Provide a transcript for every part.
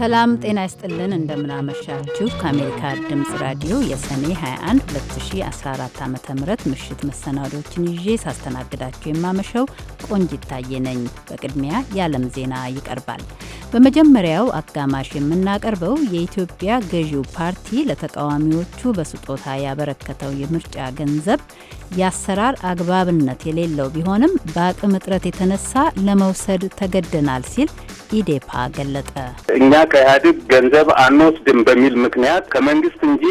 ሰላም ጤና ይስጥልን። እንደምናመሻችሁ ከአሜሪካ ድምፅ ራዲዮ የሰኔ 21 2014 ዓ ም ምሽት መሰናዶችን ይዤ ሳስተናግዳችሁ የማመሸው ቆንጅ ይታየ ነኝ። በቅድሚያ የዓለም ዜና ይቀርባል። በመጀመሪያው አጋማሽ የምናቀርበው የኢትዮጵያ ገዢው ፓርቲ ለተቃዋሚዎቹ በስጦታ ያበረከተው የምርጫ ገንዘብ የአሰራር አግባብነት የሌለው ቢሆንም በአቅም እጥረት የተነሳ ለመውሰድ ተገደናል ሲል ኢዴፓ ገለጠ። እኛ ከኢህአዴግ ገንዘብ አንወስድም በሚል ምክንያት ከመንግስት እንጂ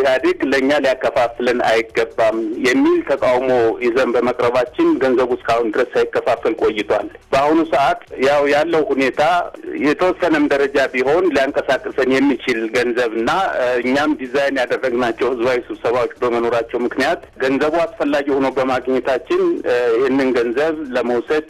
ኢህአዴግ ለእኛ ሊያከፋፍለን አይገባም የሚል ተቃውሞ ይዘን በመቅረባችን ገንዘቡ እስካሁን ድረስ ሳይከፋፈል ቆይቷል። በአሁኑ ሰዓት ያው ያለው ሁኔታ የተወሰነም ደረጃ ቢሆን ሊያንቀሳቅሰን የሚችል ገንዘብና እኛም ዲዛይን ያደረግናቸው ህዝባዊ ስብሰባዎች በመኖራቸው ምክንያት ገንዘቡ አስፈላጊ ሆኖ በማግኘታችን ይህንን ገንዘብ ለመውሰድ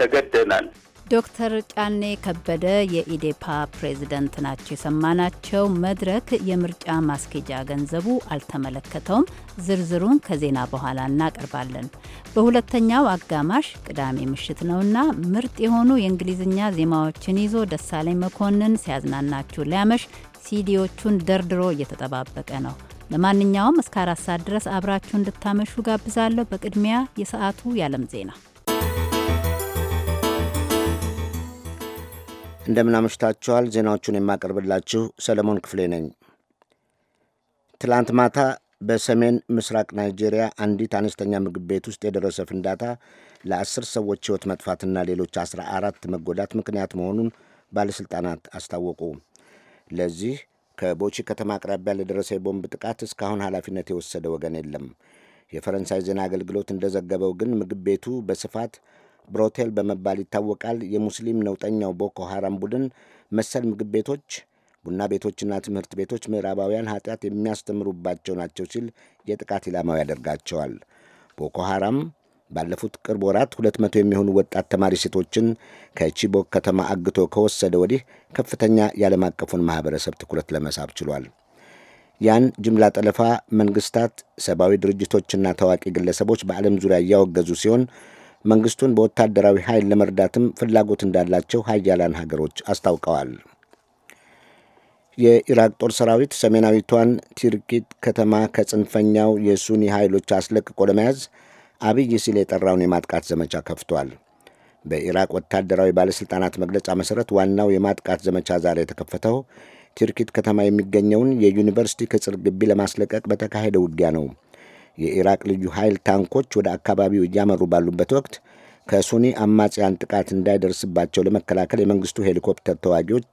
ተገደናል። ዶክተር ጫኔ ከበደ የኢዴፓ ፕሬዝደንት ናቸው የሰማናቸው። መድረክ የምርጫ ማስኬጃ ገንዘቡ አልተመለከተውም። ዝርዝሩን ከዜና በኋላ እናቀርባለን። በሁለተኛው አጋማሽ ቅዳሜ ምሽት ነውና ምርጥ የሆኑ የእንግሊዝኛ ዜማዎችን ይዞ ደሳለኝ መኮንን ሲያዝናናችሁ ሊያመሽ ሲዲዎቹን ደርድሮ እየተጠባበቀ ነው። ለማንኛውም እስከ አራት ሰዓት ድረስ አብራችሁ እንድታመሹ ጋብዛለሁ። በቅድሚያ የሰዓቱ የዓለም ዜና እንደምናመሽታችኋል። ዜናዎቹን የማቀርብላችሁ ሰለሞን ክፍሌ ነኝ። ትላንት ማታ በሰሜን ምስራቅ ናይጄሪያ አንዲት አነስተኛ ምግብ ቤት ውስጥ የደረሰ ፍንዳታ ለአስር ሰዎች ሕይወት መጥፋትና ሌሎች አስራ አራት መጎዳት ምክንያት መሆኑን ባለሥልጣናት አስታወቁ። ለዚህ ከቦቺ ከተማ አቅራቢያ ለደረሰ የቦምብ ጥቃት እስካሁን ኃላፊነት የወሰደ ወገን የለም። የፈረንሳይ ዜና አገልግሎት እንደዘገበው ግን ምግብ ቤቱ በስፋት ብሮቴል በመባል ይታወቃል። የሙስሊም ነውጠኛው ቦኮ ሐራም ቡድን መሰል ምግብ ቤቶች፣ ቡና ቤቶችና ትምህርት ቤቶች ምዕራባውያን ኃጢአት የሚያስተምሩባቸው ናቸው ሲል የጥቃት ኢላማው ያደርጋቸዋል። ቦኮ ሐራም ባለፉት ቅርብ ወራት ሁለት መቶ የሚሆኑ ወጣት ተማሪ ሴቶችን ከቺቦክ ከተማ አግቶ ከወሰደ ወዲህ ከፍተኛ የዓለም አቀፉን ማኅበረሰብ ትኩረት ለመሳብ ችሏል። ያን ጅምላ ጠለፋ መንግሥታት፣ ሰብአዊ ድርጅቶችና ታዋቂ ግለሰቦች በዓለም ዙሪያ እያወገዙ ሲሆን መንግስቱን በወታደራዊ ኃይል ለመርዳትም ፍላጎት እንዳላቸው ሀያላን ሀገሮች አስታውቀዋል። የኢራቅ ጦር ሰራዊት ሰሜናዊቷን ቲርኪት ከተማ ከጽንፈኛው የሱኒ ኃይሎች አስለቅቆ ለመያዝ አብይ ሲል የጠራውን የማጥቃት ዘመቻ ከፍቷል። በኢራቅ ወታደራዊ ባለሥልጣናት መግለጫ መሠረት ዋናው የማጥቃት ዘመቻ ዛሬ የተከፈተው ቲርኪት ከተማ የሚገኘውን የዩኒቨርሲቲ ቅጽር ግቢ ለማስለቀቅ በተካሄደ ውጊያ ነው። የኢራቅ ልዩ ኃይል ታንኮች ወደ አካባቢው እያመሩ ባሉበት ወቅት ከሱኒ አማጽያን ጥቃት እንዳይደርስባቸው ለመከላከል የመንግስቱ ሄሊኮፕተር ተዋጊዎች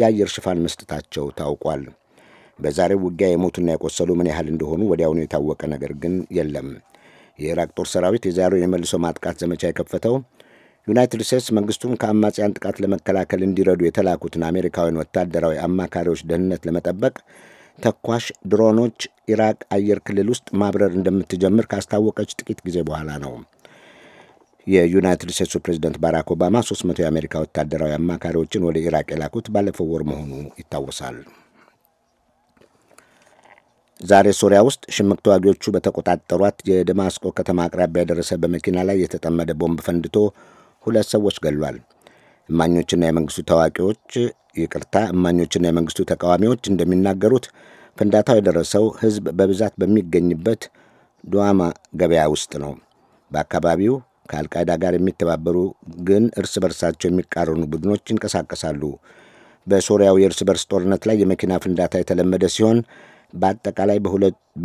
የአየር ሽፋን መስጠታቸው ታውቋል። በዛሬው ውጊያ የሞቱና የቆሰሉ ምን ያህል እንደሆኑ ወዲያውኑ የታወቀ ነገር ግን የለም። የኢራቅ ጦር ሰራዊት የዛሬው የመልሶ ማጥቃት ዘመቻ የከፈተው ዩናይትድ ስቴትስ መንግስቱን ከአማጽያን ጥቃት ለመከላከል እንዲረዱ የተላኩትን አሜሪካውያን ወታደራዊ አማካሪዎች ደህንነት ለመጠበቅ ተኳሽ ድሮኖች ኢራቅ አየር ክልል ውስጥ ማብረር እንደምትጀምር ካስታወቀች ጥቂት ጊዜ በኋላ ነው። የዩናይትድ ስቴትሱ ፕሬዚደንት ባራክ ኦባማ 300 የአሜሪካ ወታደራዊ አማካሪዎችን ወደ ኢራቅ የላኩት ባለፈው ወር መሆኑ ይታወሳል። ዛሬ ሶሪያ ውስጥ ሽምቅ ተዋጊዎቹ በተቆጣጠሯት የደማስቆ ከተማ አቅራቢያ የደረሰ በመኪና ላይ የተጠመደ ቦምብ ፈንድቶ ሁለት ሰዎች ገሏል። እማኞችና የመንግስቱ ታዋቂዎች ይቅርታ፣ እማኞችና የመንግስቱ ተቃዋሚዎች እንደሚናገሩት ፍንዳታው የደረሰው ህዝብ በብዛት በሚገኝበት ዱዋማ ገበያ ውስጥ ነው። በአካባቢው ከአልቃይዳ ጋር የሚተባበሩ ግን እርስ በርሳቸው የሚቃረኑ ቡድኖች ይንቀሳቀሳሉ። በሶሪያው የእርስ በርስ ጦርነት ላይ የመኪና ፍንዳታ የተለመደ ሲሆን በአጠቃላይ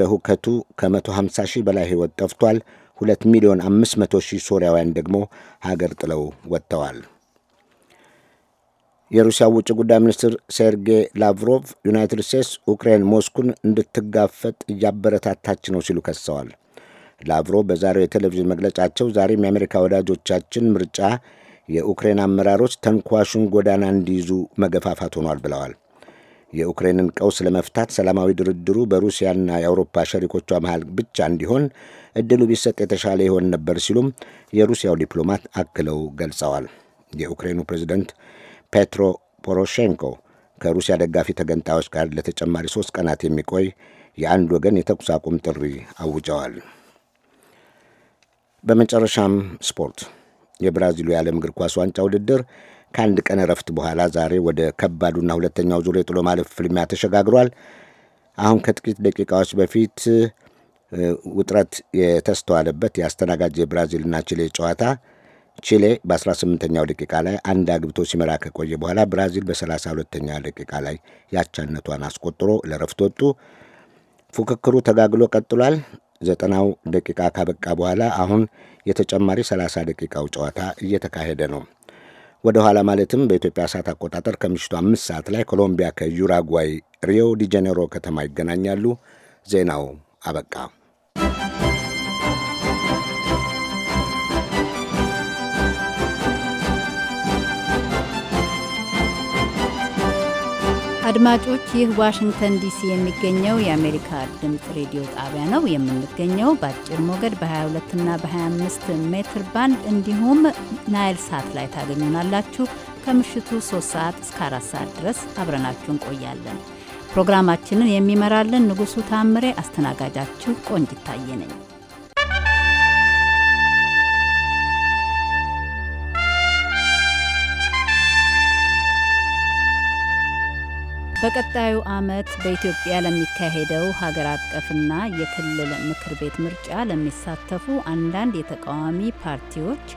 በሁከቱ ከ150 ሺህ በላይ ህይወት ጠፍቷል። 2 ሚሊዮን 500 ሺህ ሶሪያውያን ደግሞ ሀገር ጥለው ወጥተዋል። የሩሲያ ውጭ ጉዳይ ሚኒስትር ሴርጌይ ላቭሮቭ ዩናይትድ ስቴትስ ዩክሬን ሞስኩን እንድትጋፈጥ እያበረታታች ነው ሲሉ ከሰዋል። ላቭሮቭ በዛሬው የቴሌቪዥን መግለጫቸው ዛሬም የአሜሪካ ወዳጆቻችን ምርጫ የዩክሬን አመራሮች ተንኳሹን ጎዳና እንዲይዙ መገፋፋት ሆኗል ብለዋል። የዩክሬንን ቀውስ ለመፍታት ሰላማዊ ድርድሩ በሩሲያና የአውሮፓ ሸሪኮቿ መሃል ብቻ እንዲሆን እድሉ ቢሰጥ የተሻለ ይሆን ነበር ሲሉም የሩሲያው ዲፕሎማት አክለው ገልጸዋል። የዩክሬኑ ፕሬዚደንት ፔትሮ ፖሮሼንኮ ከሩሲያ ደጋፊ ተገንጣዮች ጋር ለተጨማሪ ሶስት ቀናት የሚቆይ የአንድ ወገን የተኩስ አቁም ጥሪ አውጀዋል። በመጨረሻም ስፖርት። የብራዚሉ የዓለም እግር ኳስ ዋንጫ ውድድር ከአንድ ቀን እረፍት በኋላ ዛሬ ወደ ከባዱና ሁለተኛው ዙር የጥሎ ማለፍ ፍልሚያ ተሸጋግሯል። አሁን ከጥቂት ደቂቃዎች በፊት ውጥረት የተስተዋለበት የአስተናጋጅ የብራዚልና ቺሌ ጨዋታ ቺሌ በ18ኛው ደቂቃ ላይ አንድ አግብቶ ሲመራ ከቆየ በኋላ ብራዚል በ32ኛ ደቂቃ ላይ ያቻነቷን አስቆጥሮ ለረፍት ወጡ። ፉክክሩ ተጋግሎ ቀጥሏል። ዘጠናው ደቂቃ ካበቃ በኋላ አሁን የተጨማሪ 30 ደቂቃው ጨዋታ እየተካሄደ ነው። ወደ ኋላ ማለትም በኢትዮጵያ ሰዓት አቆጣጠር ከምሽቱ አምስት ሰዓት ላይ ኮሎምቢያ ከዩራጓይ ሪዮ ዲጀኔሮ ከተማ ይገናኛሉ። ዜናው አበቃ። አድማጮች ይህ ዋሽንግተን ዲሲ የሚገኘው የአሜሪካ ድምፅ ሬዲዮ ጣቢያ ነው። የምንገኘው በአጭር ሞገድ በ22 እና በ25 ሜትር ባንድ እንዲሁም ናይል ሳት ላይ ታገኙናላችሁ። ከምሽቱ 3 ሰዓት እስከ 4 ሰዓት ድረስ አብረናችሁ እንቆያለን። ፕሮግራማችንን የሚመራልን ንጉሱ ታምሬ፣ አስተናጋጃችሁ ቆንጅ ነኝ። በቀጣዩ ዓመት በኢትዮጵያ ለሚካሄደው ሀገር አቀፍና የክልል ምክር ቤት ምርጫ ለሚሳተፉ አንዳንድ የተቃዋሚ ፓርቲዎች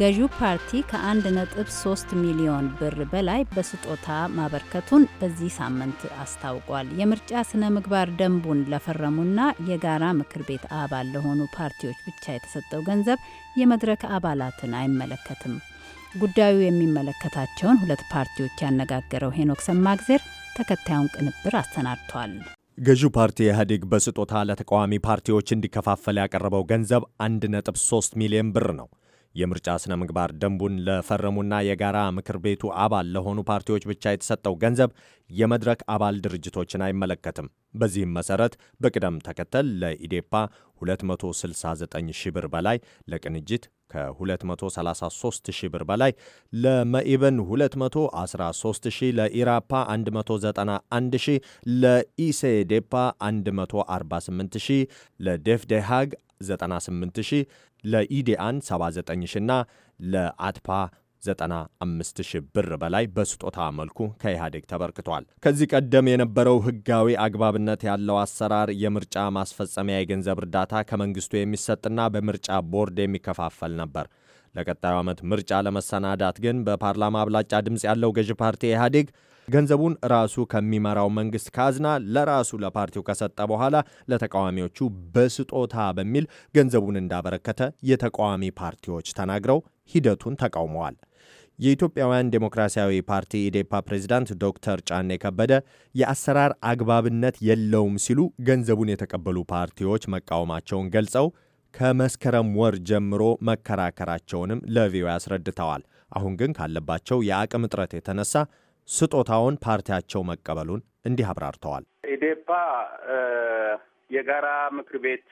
ገዢው ፓርቲ ከ1.3 ሚሊዮን ብር በላይ በስጦታ ማበርከቱን በዚህ ሳምንት አስታውቋል። የምርጫ ስነ ምግባር ደንቡን ለፈረሙና የጋራ ምክር ቤት አባል ለሆኑ ፓርቲዎች ብቻ የተሰጠው ገንዘብ የመድረክ አባላትን አይመለከትም። ጉዳዩ የሚመለከታቸውን ሁለት ፓርቲዎች ያነጋገረው ሄኖክ ሰማግዜር ተከታዩን ቅንብር አሰናድቷል። ገዢው ፓርቲ ኢህአዴግ በስጦታ ለተቃዋሚ ፓርቲዎች እንዲከፋፈል ያቀረበው ገንዘብ 1.3 ሚሊዮን ብር ነው። የምርጫ ስነ ምግባር ደንቡን ለፈረሙና የጋራ ምክር ቤቱ አባል ለሆኑ ፓርቲዎች ብቻ የተሰጠው ገንዘብ የመድረክ አባል ድርጅቶችን አይመለከትም። በዚህም መሰረት በቅደም ተከተል ለኢዴፓ 269 ሺህ ብር በላይ፣ ለቅንጅት ከ233 ሺህ ብር በላይ ለመኢብን 213 ሺህ፣ ለኢራፓ 191 ሺህ፣ ለኢሴዴፓ 148 ሺህ፣ ለዴፍዴሃግ 98 ሺህ፣ ለኢዲአን 79 ሺህና ለአትፓ 95 ብር በላይ በስጦታ መልኩ ከኢህአዴግ ተበርክቷል። ከዚህ ቀደም የነበረው ህጋዊ አግባብነት ያለው አሰራር የምርጫ ማስፈጸሚያ የገንዘብ እርዳታ ከመንግስቱ የሚሰጥና በምርጫ ቦርድ የሚከፋፈል ነበር። ለቀጣዩ ዓመት ምርጫ ለመሰናዳት ግን በፓርላማ አብላጫ ድምፅ ያለው ገዢ ፓርቲ ኢህአዴግ ገንዘቡን ራሱ ከሚመራው መንግስት ካዝና ለራሱ ለፓርቲው ከሰጠ በኋላ ለተቃዋሚዎቹ በስጦታ በሚል ገንዘቡን እንዳበረከተ የተቃዋሚ ፓርቲዎች ተናግረው ሂደቱን ተቃውመዋል። የኢትዮጵያውያን ዴሞክራሲያዊ ፓርቲ ኢዴፓ ፕሬዚዳንት ዶክተር ጫኔ ከበደ የአሰራር አግባብነት የለውም ሲሉ ገንዘቡን የተቀበሉ ፓርቲዎች መቃወማቸውን ገልጸው ከመስከረም ወር ጀምሮ መከራከራቸውንም ለቪኦኤ አስረድተዋል። አሁን ግን ካለባቸው የአቅም እጥረት የተነሳ ስጦታውን ፓርቲያቸው መቀበሉን እንዲህ አብራርተዋል። ኢዴፓ የጋራ ምክር ቤት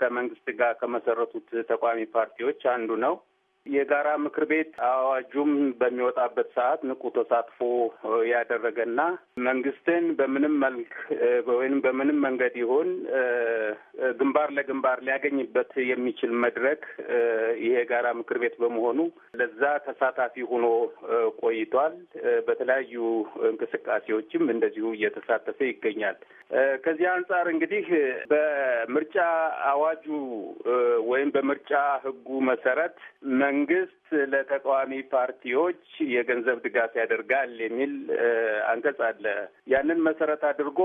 ከመንግስት ጋር ከመሰረቱት ተቋሚ ፓርቲዎች አንዱ ነው። የጋራ ምክር ቤት አዋጁም በሚወጣበት ሰዓት ንቁ ተሳትፎ ያደረገና መንግስትን በምንም መልክ ወይም በምንም መንገድ ይሁን ግንባር ለግንባር ሊያገኝበት የሚችል መድረክ ይሄ የጋራ ምክር ቤት በመሆኑ ለዛ ተሳታፊ ሆኖ ቆይቷል። በተለያዩ እንቅስቃሴዎችም እንደዚሁ እየተሳተፈ ይገኛል። ከዚህ አንጻር እንግዲህ በምርጫ አዋጁ ወይም በምርጫ ህጉ መሰረት መንግስት ለተቃዋሚ ፓርቲዎች የገንዘብ ድጋፍ ያደርጋል የሚል አንቀጽ አለ። ያንን መሰረት አድርጎ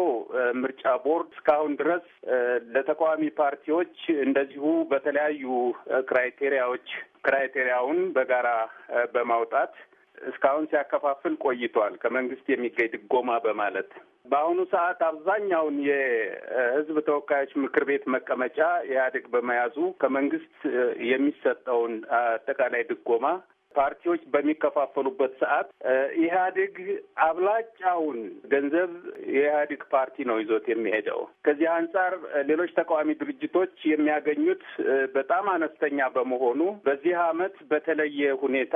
ምርጫ ቦርድ እስካሁን ድረስ ለተቃዋሚ ፓርቲዎች እንደዚሁ በተለያዩ ክራይቴሪያዎች ክራይቴሪያውን በጋራ በማውጣት እስካሁን ሲያከፋፍል ቆይቷል። ከመንግስት የሚገኝ ድጎማ በማለት በአሁኑ ሰዓት አብዛኛውን የህዝብ ተወካዮች ምክር ቤት መቀመጫ ኢህአዴግ በመያዙ ከመንግስት የሚሰጠውን አጠቃላይ ድጎማ ፓርቲዎች በሚከፋፈሉበት ሰዓት ኢህአዴግ አብላጫውን ገንዘብ የኢህአዴግ ፓርቲ ነው ይዞት የሚሄደው። ከዚህ አንጻር ሌሎች ተቃዋሚ ድርጅቶች የሚያገኙት በጣም አነስተኛ በመሆኑ በዚህ አመት በተለየ ሁኔታ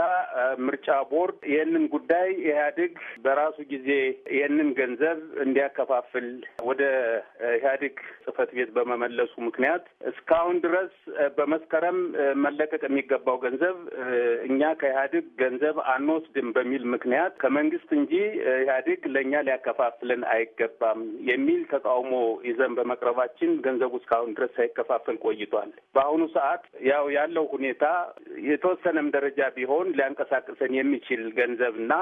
ምርጫ ቦርድ ይህንን ጉዳይ ኢህአዴግ በራሱ ጊዜ ይህንን ገንዘብ እንዲያከፋፍል ወደ ኢህአዴግ ጽህፈት ቤት በመመለሱ ምክንያት እስካሁን ድረስ በመስከረም መለቀቅ የሚገባው ገንዘብ እኛ ከ ከኢህአዴግ ገንዘብ አንወስድም በሚል ምክንያት ከመንግስት እንጂ ኢህአዴግ ለእኛ ሊያከፋፍልን አይገባም የሚል ተቃውሞ ይዘን በመቅረባችን ገንዘቡ እስካሁን ድረስ ሳይከፋፈል ቆይቷል። በአሁኑ ሰዓት ያው ያለው ሁኔታ የተወሰነም ደረጃ ቢሆን ሊያንቀሳቅሰን የሚችል ገንዘብ እና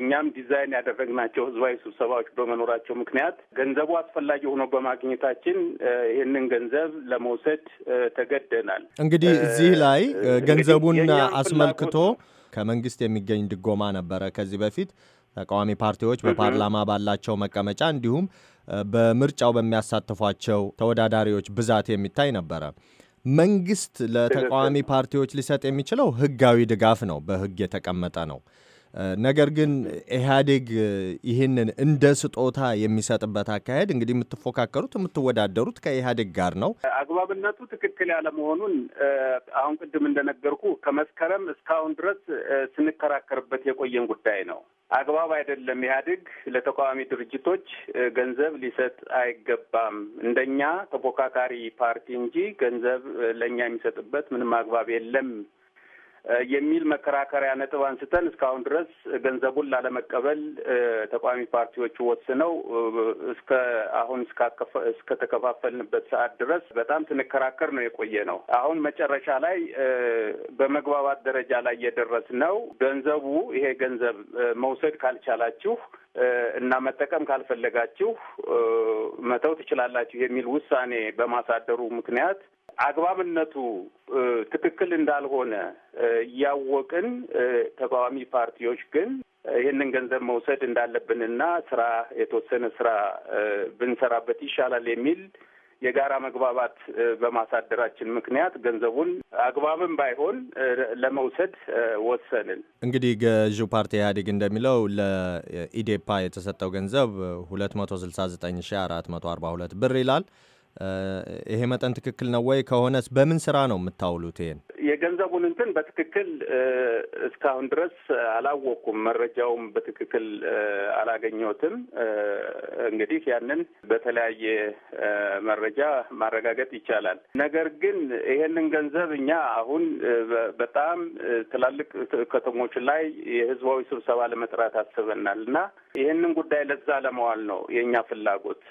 እኛም ዲዛይን ያደረግናቸው ህዝባዊ ስብሰባዎች በመኖራቸው ምክንያት ገንዘቡ አስፈላጊ ሆኖ በማግኘታችን ይህንን ገንዘብ ለመውሰድ ተገደናል። እንግዲህ እዚህ ላይ ገንዘቡን አስመልክቶ ከመንግስት የሚገኝ ድጎማ ነበረ ከዚህ በፊት ተቃዋሚ ፓርቲዎች በፓርላማ ባላቸው መቀመጫ እንዲሁም በምርጫው በሚያሳትፏቸው ተወዳዳሪዎች ብዛት የሚታይ ነበረ። መንግስት ለተቃዋሚ ፓርቲዎች ሊሰጥ የሚችለው ህጋዊ ድጋፍ ነው፣ በህግ የተቀመጠ ነው። ነገር ግን ኢህአዴግ ይህንን እንደ ስጦታ የሚሰጥበት አካሄድ እንግዲህ የምትፎካከሩት የምትወዳደሩት ከኢህአዴግ ጋር ነው። አግባብነቱ ትክክል ያለመሆኑን አሁን ቅድም እንደነገርኩ ከመስከረም እስካሁን ድረስ ስንከራከርበት የቆየን ጉዳይ ነው። አግባብ አይደለም። ኢህአዴግ ለተቃዋሚ ድርጅቶች ገንዘብ ሊሰጥ አይገባም። እንደኛ ተፎካካሪ ፓርቲ እንጂ ገንዘብ ለእኛ የሚሰጥበት ምንም አግባብ የለም የሚል መከራከሪያ ነጥብ አንስተን እስካሁን ድረስ ገንዘቡን ላለመቀበል ተቃዋሚ ፓርቲዎቹ ወስነው እስከ አሁን እስከተከፋፈልንበት ሰዓት ድረስ በጣም ስንከራከር ነው የቆየ ነው። አሁን መጨረሻ ላይ በመግባባት ደረጃ ላይ ነው። ገንዘቡ ይሄ ገንዘብ መውሰድ ካልቻላችሁ እና መጠቀም ካልፈለጋችሁ መተው ትችላላችሁ የሚል ውሳኔ በማሳደሩ ምክንያት አግባብነቱ ትክክል እንዳልሆነ እያወቅን ተቃዋሚ ፓርቲዎች ግን ይህንን ገንዘብ መውሰድ እንዳለብንና ስራ የተወሰነ ስራ ብንሰራበት ይሻላል የሚል የጋራ መግባባት በማሳደራችን ምክንያት ገንዘቡን አግባብም ባይሆን ለመውሰድ ወሰንን። እንግዲህ ገዢው ፓርቲ ኢህአዴግ እንደሚለው ለኢዴፓ የተሰጠው ገንዘብ ሁለት መቶ ስልሳ ዘጠኝ ሺ አራት መቶ አርባ ሁለት ብር ይላል። ይሄ መጠን ትክክል ነው ወይ? ከሆነስ በምን ስራ ነው የምታውሉት? ይሄን የገንዘቡን እንትን በትክክል እስካሁን ድረስ አላወቅኩም። መረጃውም በትክክል አላገኘሁትም። እንግዲህ ያንን በተለያየ መረጃ ማረጋገጥ ይቻላል። ነገር ግን ይሄንን ገንዘብ እኛ አሁን በጣም ትላልቅ ከተሞች ላይ የህዝባዊ ስብሰባ ለመጥራት አስበናል እና ይህንን ጉዳይ ለዛ ለመዋል ነው የእኛ ፍላጎት።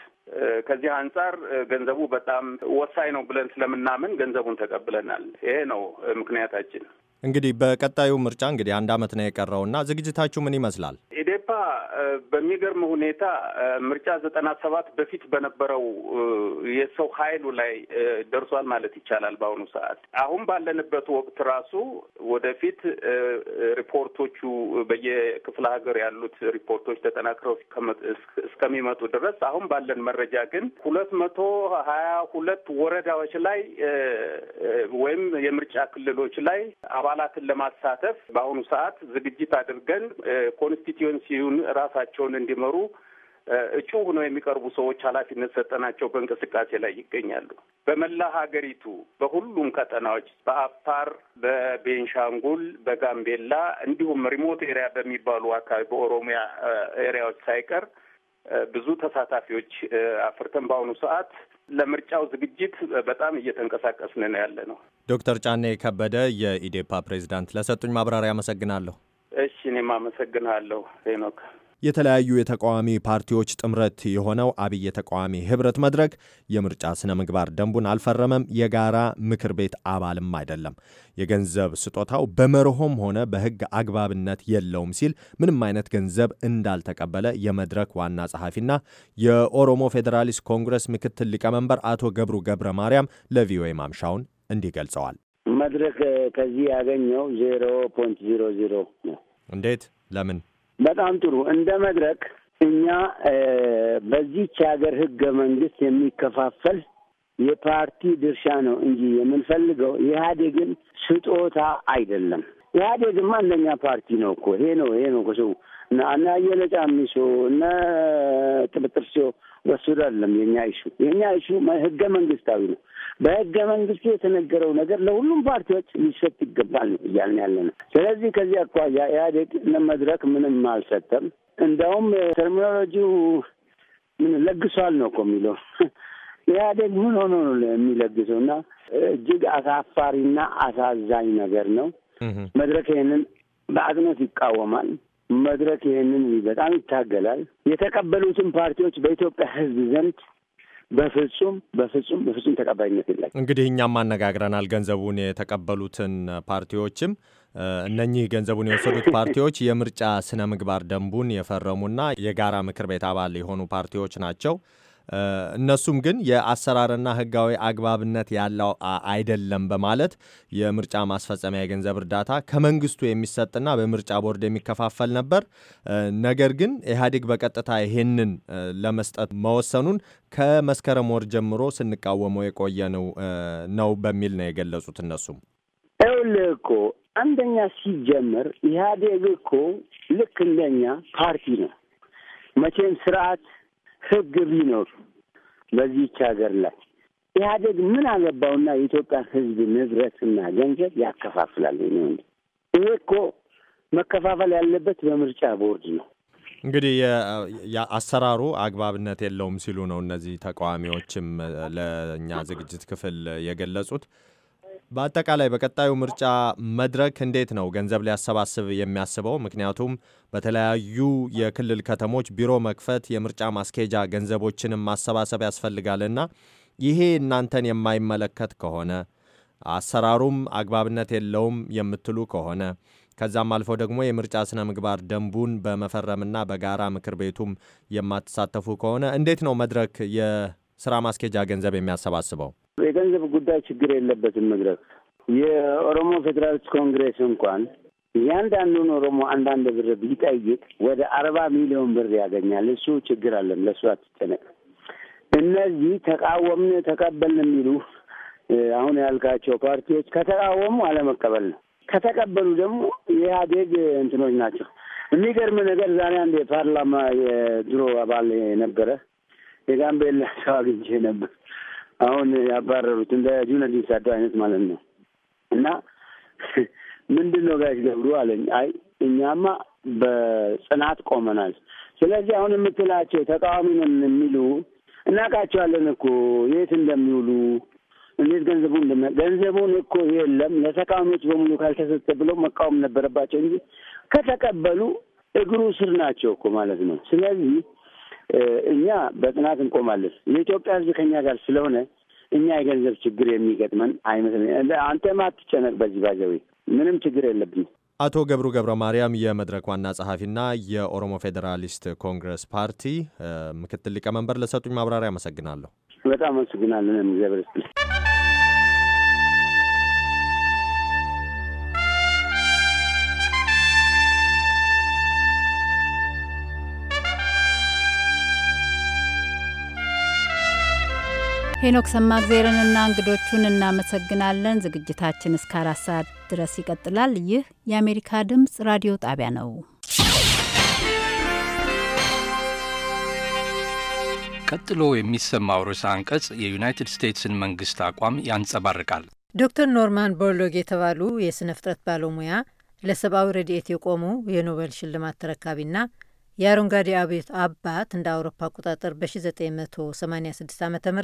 ከዚህ አንጻር ገንዘቡ በጣም ወሳኝ ነው ብለን ስለምናምን ገንዘቡን ተቀብለናል። ይሄ ነው ምክንያታችን። እንግዲህ በቀጣዩ ምርጫ እንግዲህ አንድ አመት ነው የቀረውና ዝግጅታችሁ ምን ይመስላል? ኢዴፓ በሚገርም ሁኔታ ምርጫ ዘጠና ሰባት በፊት በነበረው የሰው ኃይሉ ላይ ደርሷል ማለት ይቻላል። በአሁኑ ሰዓት አሁን ባለንበት ወቅት ራሱ ወደፊት ሪፖርቶቹ በየክፍለ ሀገር ያሉት ሪፖርቶች ተጠናክረው እስከሚመጡ ድረስ አሁን ባለን መረጃ ግን ሁለት መቶ ሀያ ሁለት ወረዳዎች ላይ ወይም የምርጫ ክልሎች ላይ አባላትን ለማሳተፍ በአሁኑ ሰዓት ዝግጅት አድርገን ኮንስቲትዩንሲ ፓርቲውን ራሳቸውን እንዲመሩ እጩ ሆነው የሚቀርቡ ሰዎች ኃላፊነት ሰጠናቸው በእንቅስቃሴ ላይ ይገኛሉ። በመላ ሀገሪቱ በሁሉም ቀጠናዎች በአፋር፣ በቤንሻንጉል፣ በጋምቤላ እንዲሁም ሪሞት ኤሪያ በሚባሉ አካባቢ በኦሮሚያ ኤሪያዎች ሳይቀር ብዙ ተሳታፊዎች አፍርተን በአሁኑ ሰዓት ለምርጫው ዝግጅት በጣም እየተንቀሳቀስን ነው ያለ ነው። ዶክተር ጫኔ ከበደ የኢዴፓ ፕሬዚዳንት፣ ለሰጡኝ ማብራሪያ አመሰግናለሁ። እሺ፣ እኔም አመሰግናለሁ ሄኖክ። የተለያዩ የተቃዋሚ ፓርቲዎች ጥምረት የሆነው አብይ የተቃዋሚ ህብረት መድረክ የምርጫ ስነ ምግባር ደንቡን አልፈረመም፣ የጋራ ምክር ቤት አባልም አይደለም፣ የገንዘብ ስጦታው በመርሆም ሆነ በህግ አግባብነት የለውም ሲል ምንም አይነት ገንዘብ እንዳልተቀበለ የመድረክ ዋና ጸሐፊና የኦሮሞ ፌዴራሊስት ኮንግረስ ምክትል ሊቀመንበር አቶ ገብሩ ገብረ ማርያም ለቪኦኤ ማምሻውን እንዲህ ገልጸዋል። መድረክ ከዚህ ያገኘው ዜሮ ፖይንት ዜሮ ዜሮ ነው። እንዴት? ለምን? በጣም ጥሩ። እንደ መድረክ እኛ በዚች ሀገር ህገ መንግስት የሚከፋፈል የፓርቲ ድርሻ ነው እንጂ የምንፈልገው ኢህአዴግን ስጦታ አይደለም። ኢህአዴግማ አንደኛ ፓርቲ ነው እኮ ይሄ ነው ይሄ ነው ሰው እና አየለ ጫሚሶ እነ ጥብጥር ሲዮ ወሱድ አይደለም የእኛ ኢሹ። የእኛ ኢሹ ህገ መንግስታዊ ነው። በህገ መንግስቱ የተነገረው ነገር ለሁሉም ፓርቲዎች ሊሰጥ ይገባል እያልን ያለ ነው። ስለዚህ ከዚህ አኳያ ኢህአዴግ መድረክ ምንም አልሰጠም። እንደውም ተርሚኖሎጂው ምን ለግሷል ነው እኮ የሚለው ኢህአዴግ ምን ሆኖ ነው የሚለግሰው? እና እጅግ አሳፋሪና አሳዛኝ ነገር ነው። መድረክ ይህንን በአጽንኦት ይቃወማል። መድረክ ይህንን በጣም ይታገላል። የተቀበሉትን ፓርቲዎች በኢትዮጵያ ህዝብ ዘንድ በፍጹም በፍጹም በፍጹም ተቀባይነት የላቸው። እንግዲህ እኛም አነጋግረናል ገንዘቡን የተቀበሉትን ፓርቲዎችም እነኚህ ገንዘቡን የወሰዱት ፓርቲዎች የምርጫ ስነ ምግባር ደንቡን የፈረሙና የጋራ ምክር ቤት አባል የሆኑ ፓርቲዎች ናቸው። እነሱም ግን የአሰራርና ህጋዊ አግባብነት ያለው አይደለም በማለት የምርጫ ማስፈጸሚያ የገንዘብ እርዳታ ከመንግስቱ የሚሰጥና በምርጫ ቦርድ የሚከፋፈል ነበር። ነገር ግን ኢህአዴግ በቀጥታ ይሄንን ለመስጠት መወሰኑን ከመስከረም ወር ጀምሮ ስንቃወመው የቆየ ነው ነው በሚል ነው የገለጹት። እነሱም ይኸውልህ እኮ አንደኛ ሲጀምር ኢህአዴግ እኮ ልክ እንደኛ ፓርቲ ነው መቼም ስርዓት ህግ ቢኖር በዚህች ሀገር ላይ ኢህአዴግ ምን አገባውና የኢትዮጵያ ህዝብ ንብረትና ገንዘብ ያከፋፍላል? ይሄ እኮ መከፋፈል ያለበት በምርጫ ቦርድ ነው። እንግዲህ የአሰራሩ አግባብነት የለውም ሲሉ ነው እነዚህ ተቃዋሚዎችም ለእኛ ዝግጅት ክፍል የገለጹት። በአጠቃላይ በቀጣዩ ምርጫ መድረክ እንዴት ነው ገንዘብ ሊያሰባስብ የሚያስበው? ምክንያቱም በተለያዩ የክልል ከተሞች ቢሮ መክፈት፣ የምርጫ ማስኬጃ ገንዘቦችንም ማሰባሰብ ያስፈልጋልና ይሄ እናንተን የማይመለከት ከሆነ አሰራሩም አግባብነት የለውም የምትሉ ከሆነ ከዛም አልፎ ደግሞ የምርጫ ስነ ምግባር ደንቡን በመፈረምና በጋራ ምክር ቤቱም የማትሳተፉ ከሆነ እንዴት ነው መድረክ የስራ ማስኬጃ ገንዘብ የሚያሰባስበው? የገንዘብ ጉዳይ ችግር የለበትም መድረክ። የኦሮሞ ፌዴራሊስት ኮንግሬስ እንኳን እያንዳንዱን ኦሮሞ አንዳንድ ብር ቢጠይቅ ወደ አርባ ሚሊዮን ብር ያገኛል። እሱ ችግር አለን፣ ለእሱ አትጨነቅ። እነዚህ ተቃወምን ተቀበልን የሚሉ አሁን ያልካቸው ፓርቲዎች ከተቃወሙ አለመቀበል ነው። ከተቀበሉ ደግሞ የኢህአዴግ እንትኖች ናቸው። የሚገርም ነገር ዛሬ አንድ የፓርላማ የድሮ አባል የነበረ የጋምቤላ ሰው አግኝቼ ነበር አሁን ያባረሩት እንደ ጁነዲን ሳዶ አይነት ማለት ነው። እና ምንድን ነው ጋሽ ገብሩ አለኝ። አይ እኛማ በጽናት ቆመናል። ስለዚህ አሁን የምትላቸው ተቃዋሚ ነን የሚሉ እናቃቸዋለን እኮ የት እንደሚውሉ እንዴት ገንዘቡ እንደሚ ገንዘቡን እኮ የለም ለተቃዋሚዎች በሙሉ ካልተሰጠ ብለው መቃወም ነበረባቸው እንጂ ከተቀበሉ እግሩ ስር ናቸው እኮ ማለት ነው። ስለዚህ እኛ በጽናት እንቆማለን። የኢትዮጵያ ሕዝብ ከኛ ጋር ስለሆነ እኛ የገንዘብ ችግር የሚገጥመን አይመስለኝ። አንተም አትጨነቅ። በዚህ ባዘዊ ምንም ችግር የለብኝ። አቶ ገብሩ ገብረ ማርያም የመድረክ ዋና ጸሐፊና የኦሮሞ ፌዴራሊስት ኮንግረስ ፓርቲ ምክትል ሊቀመንበር ለሰጡኝ ማብራሪያ አመሰግናለሁ። በጣም አመሰግናለን። እግዚአብሔር ይስጥልኝ። ሄኖክ ሰማግዜርንና እንግዶቹን እናመሰግናለን። ዝግጅታችን እስከ አራት ሰዓት ድረስ ይቀጥላል። ይህ የአሜሪካ ድምፅ ራዲዮ ጣቢያ ነው። ቀጥሎ የሚሰማው ርዕሰ አንቀጽ የዩናይትድ ስቴትስን መንግስት አቋም ያንጸባርቃል። ዶክተር ኖርማን ቦርሎግ የተባሉ የሥነ ፍጥረት ባለሙያ ለሰብአዊ ረድኤት የቆሙ የኖቤል ሽልማት ተረካቢና የአረንጓዴ አብዮት አባት እንደ አውሮፓ አቆጣጠር በ1986 ዓ ም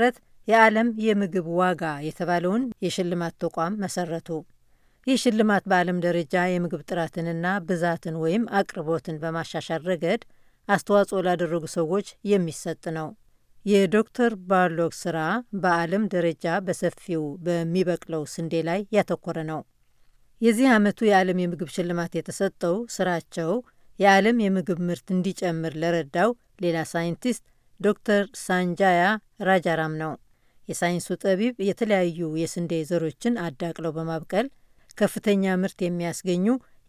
የዓለም የምግብ ዋጋ የተባለውን የሽልማት ተቋም መሰረቱ። ይህ ሽልማት በዓለም ደረጃ የምግብ ጥራትንና ብዛትን ወይም አቅርቦትን በማሻሻል ረገድ አስተዋጽኦ ላደረጉ ሰዎች የሚሰጥ ነው። የዶክተር ባርሎክ ስራ በዓለም ደረጃ በሰፊው በሚበቅለው ስንዴ ላይ ያተኮረ ነው። የዚህ ዓመቱ የዓለም የምግብ ሽልማት የተሰጠው ስራቸው የዓለም የምግብ ምርት እንዲጨምር ለረዳው ሌላ ሳይንቲስት ዶክተር ሳንጃያ ራጃራም ነው። የሳይንሱ ጠቢብ የተለያዩ የስንዴ ዘሮችን አዳቅለው በማብቀል ከፍተኛ ምርት የሚያስገኙ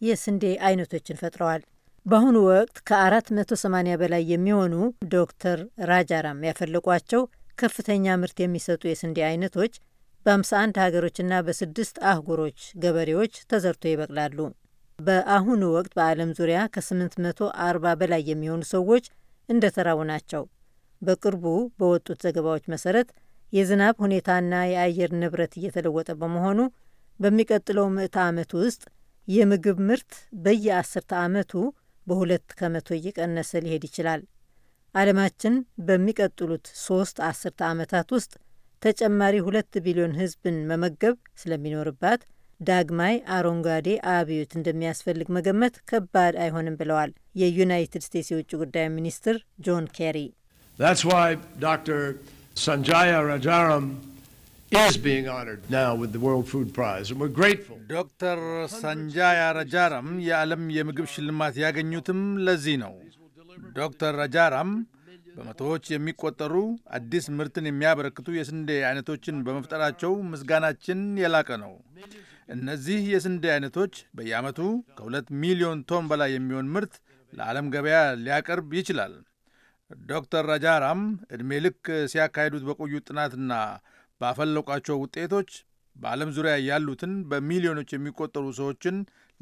የስንዴ አይነቶችን ፈጥረዋል። በአሁኑ ወቅት ከ480 በላይ የሚሆኑ ዶክተር ራጃራም ያፈለቋቸው ከፍተኛ ምርት የሚሰጡ የስንዴ አይነቶች በ51 ሀገሮችና በስድስት አህጉሮች ገበሬዎች ተዘርቶ ይበቅላሉ። በአሁኑ ወቅት በዓለም ዙሪያ ከ840 በላይ የሚሆኑ ሰዎች እንደተራቡ ናቸው። በቅርቡ በወጡት ዘገባዎች መሰረት የዝናብ ሁኔታና የአየር ንብረት እየተለወጠ በመሆኑ በሚቀጥለው ምዕተ ዓመት ውስጥ የምግብ ምርት በየአስርተ ዓመቱ በሁለት ከመቶ እየቀነሰ ሊሄድ ይችላል። ዓለማችን በሚቀጥሉት ሶስት አስርተ ዓመታት ውስጥ ተጨማሪ ሁለት ቢሊዮን ሕዝብን መመገብ ስለሚኖርባት ዳግማይ አረንጓዴ አብዮት እንደሚያስፈልግ መገመት ከባድ አይሆንም ብለዋል የዩናይትድ ስቴትስ የውጭ ጉዳይ ሚኒስትር ጆን ኬሪ። ዶክተር ሳንጃያ ራጃራም ዶክተር ሳንጃያ ረጃራም የዓለም የምግብ ሽልማት ያገኙትም ለዚህ ነው። ዶክተር ረጃራም በመቶዎች የሚቆጠሩ አዲስ ምርትን የሚያበረክቱ የስንዴ አይነቶችን በመፍጠራቸው ምስጋናችን የላቀ ነው። እነዚህ የስንዴ አይነቶች በየዓመቱ ከሁለት ሚሊዮን ቶን በላይ የሚሆን ምርት ለዓለም ገበያ ሊያቀርብ ይችላል። ዶክተር ራጃራም ዕድሜ ልክ ሲያካሂዱት በቆዩ ጥናትና ባፈለቋቸው ውጤቶች በዓለም ዙሪያ ያሉትን በሚሊዮኖች የሚቆጠሩ ሰዎችን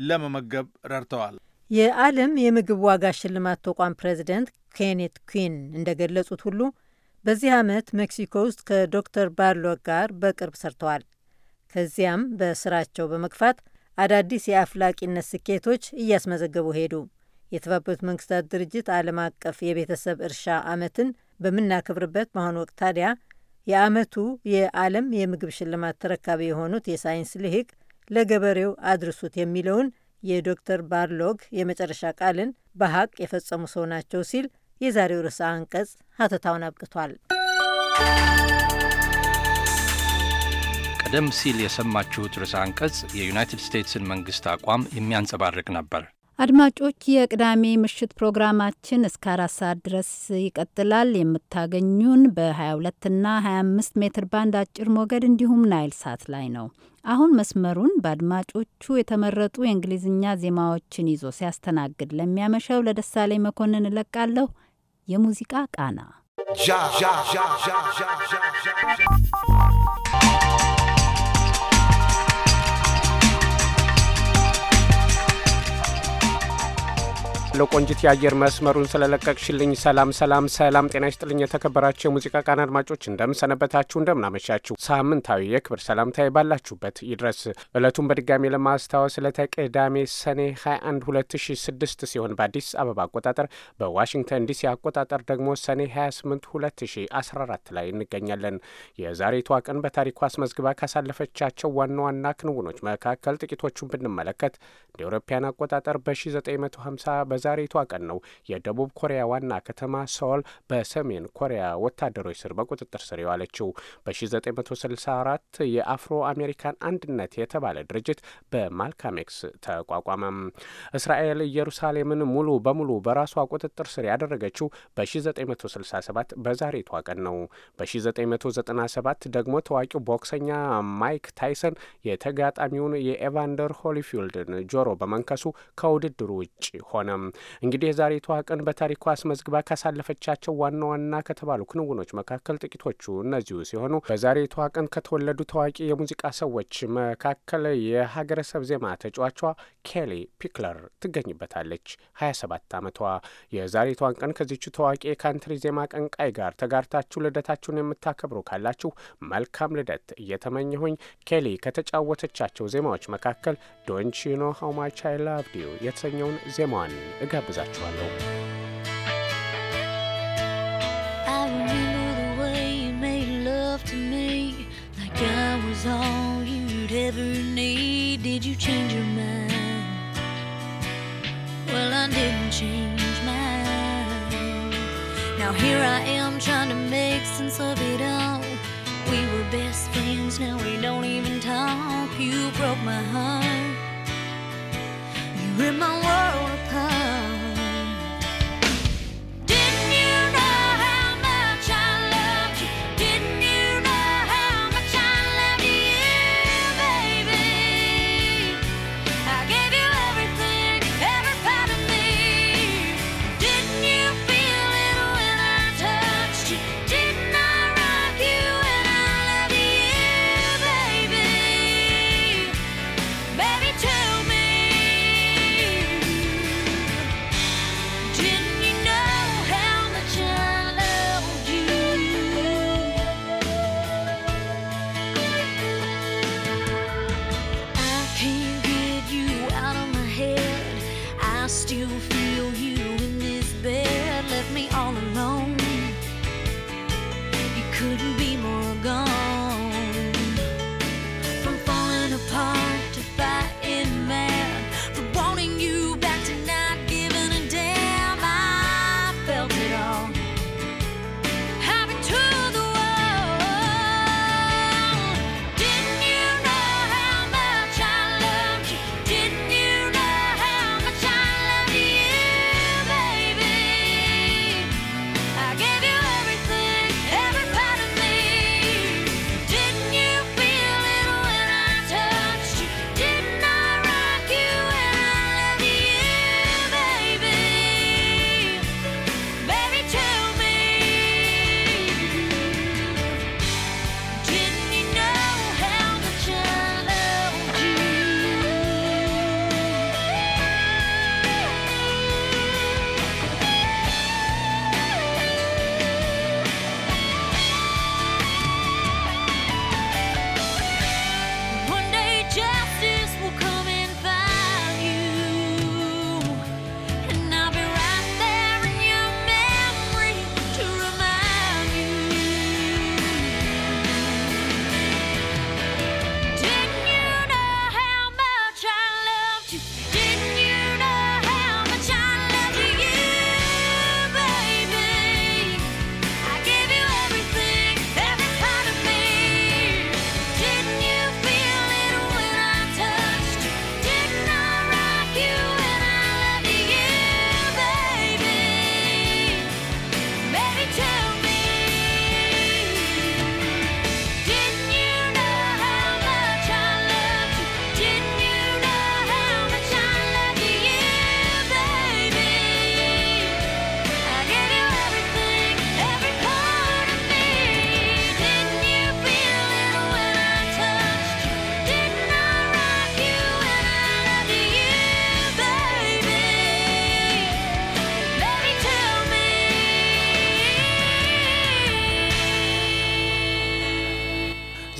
ለመመገብ ረድተዋል። የዓለም የምግብ ዋጋ ሽልማት ተቋም ፕሬዚደንት ኬኔት ኩን እንደገለጹት ሁሉ በዚህ ዓመት ሜክሲኮ ውስጥ ከዶክተር ባርሎ ጋር በቅርብ ሰርተዋል። ከዚያም በስራቸው በመግፋት አዳዲስ የአፍላቂነት ስኬቶች እያስመዘገቡ ሄዱ። የተባበሩት መንግስታት ድርጅት ዓለም አቀፍ የቤተሰብ እርሻ ዓመትን በምናከብርበት በአሁኑ ወቅት ታዲያ የዓመቱ የዓለም የምግብ ሽልማት ተረካቢ የሆኑት የሳይንስ ልሂቅ ለገበሬው አድርሱት የሚለውን የዶክተር ባርሎግ የመጨረሻ ቃልን በሀቅ የፈጸሙ ሰው ናቸው ሲል የዛሬው ርዕሰ አንቀጽ ሀተታውን አብቅቷል። ቀደም ሲል የሰማችሁት ርዕሰ አንቀጽ የዩናይትድ ስቴትስን መንግስት አቋም የሚያንጸባርቅ ነበር። አድማጮች፣ የቅዳሜ ምሽት ፕሮግራማችን እስከ አራት ሰዓት ድረስ ይቀጥላል። የምታገኙን በ22 ና 25 ሜትር ባንድ አጭር ሞገድ እንዲሁም ናይል ሳት ላይ ነው። አሁን መስመሩን በአድማጮቹ የተመረጡ የእንግሊዝኛ ዜማዎችን ይዞ ሲያስተናግድ ለሚያመሻው ለደሳለኝ መኮንን እለቃለሁ። የሙዚቃ ቃና አመሰግናለሁ ቆንጅት፣ የአየር መስመሩን ስለለቀቅሽልኝ። ሰላም ሰላም ሰላም፣ ጤና ይስጥልኝ። የተከበራቸው የሙዚቃ ቃን አድማጮች እንደምን ሰነበታችሁ፣ ሳምንታዊ የክብር ሰላምታዬ ባላችሁበት ይድረስ። እለቱን በድጋሚ ለማስታወስ ዕለተ ሰኔ 21 2006 ሲሆን በአዲስ አበባ አቆጣጠር፣ በዋሽንግተን ዲሲ አቆጣጠር ደግሞ ሰኔ 28 2014 ላይ እንገኛለን። የዛሬቷ ቀን በታሪኩ አስመዝግባ ካሳለፈቻቸው ዋና ዋና ክንውኖች መካከል ጥቂቶቹን ብንመለከት እንደ አውሮፓውያን አቆጣጠር በ1950 በ 1950 በዛሬቷ ቀን ነው የደቡብ ኮሪያ ዋና ከተማ ሶል በሰሜን ኮሪያ ወታደሮች ስር በቁጥጥር ስር የዋለችው። በ1964 የአፍሮ አሜሪካን አንድነት የተባለ ድርጅት በማልካሜክስ ተቋቋመ እስራኤል ኢየሩሳሌምን ሙሉ በሙሉ በራሷ ቁጥጥር ስር ያደረገችው በ1967 በዛሬቷ ቀን ነው። በ1997 ደግሞ ታዋቂው ቦክሰኛ ማይክ ታይሰን የተጋጣሚውን የኤቫንደር ሆሊፊልድን ጆሮ በመንከሱ ከውድድሩ ውጭ ሆነም። እንግዲህ የዛሬቷ ቀን በታሪኳ አስመዝግባ ካሳለፈቻቸው ዋና ዋና ከተባሉ ክንውኖች መካከል ጥቂቶቹ እነዚሁ ሲሆኑ በዛሬቷ ቀን ከተወለዱ ታዋቂ የሙዚቃ ሰዎች መካከል የሀገረሰብ ዜማ ተጫዋቿ ኬሊ ፒክለር ትገኝበታለች። 27 ዓመቷ የዛሬቷን ቀን ከዚቹ ታዋቂ የካንትሪ ዜማ ቀንቃይ ጋር ተጋርታችሁ ልደታችሁን የምታከብሩ ካላችሁ መልካም ልደት እየተመኘሁኝ ኬሊ ከተጫወተቻቸው ዜማዎች መካከል ዶንቺኖ ሀው አይ ላቭ ዩ የተሰኘውን ዜማዋን I remember the way you made love to me Like I was all you'd ever need Did you change your mind? Well, I didn't change mine Now here I am trying to make sense of it all we were best friends, now we don't even talk. You broke my heart. You're in my world.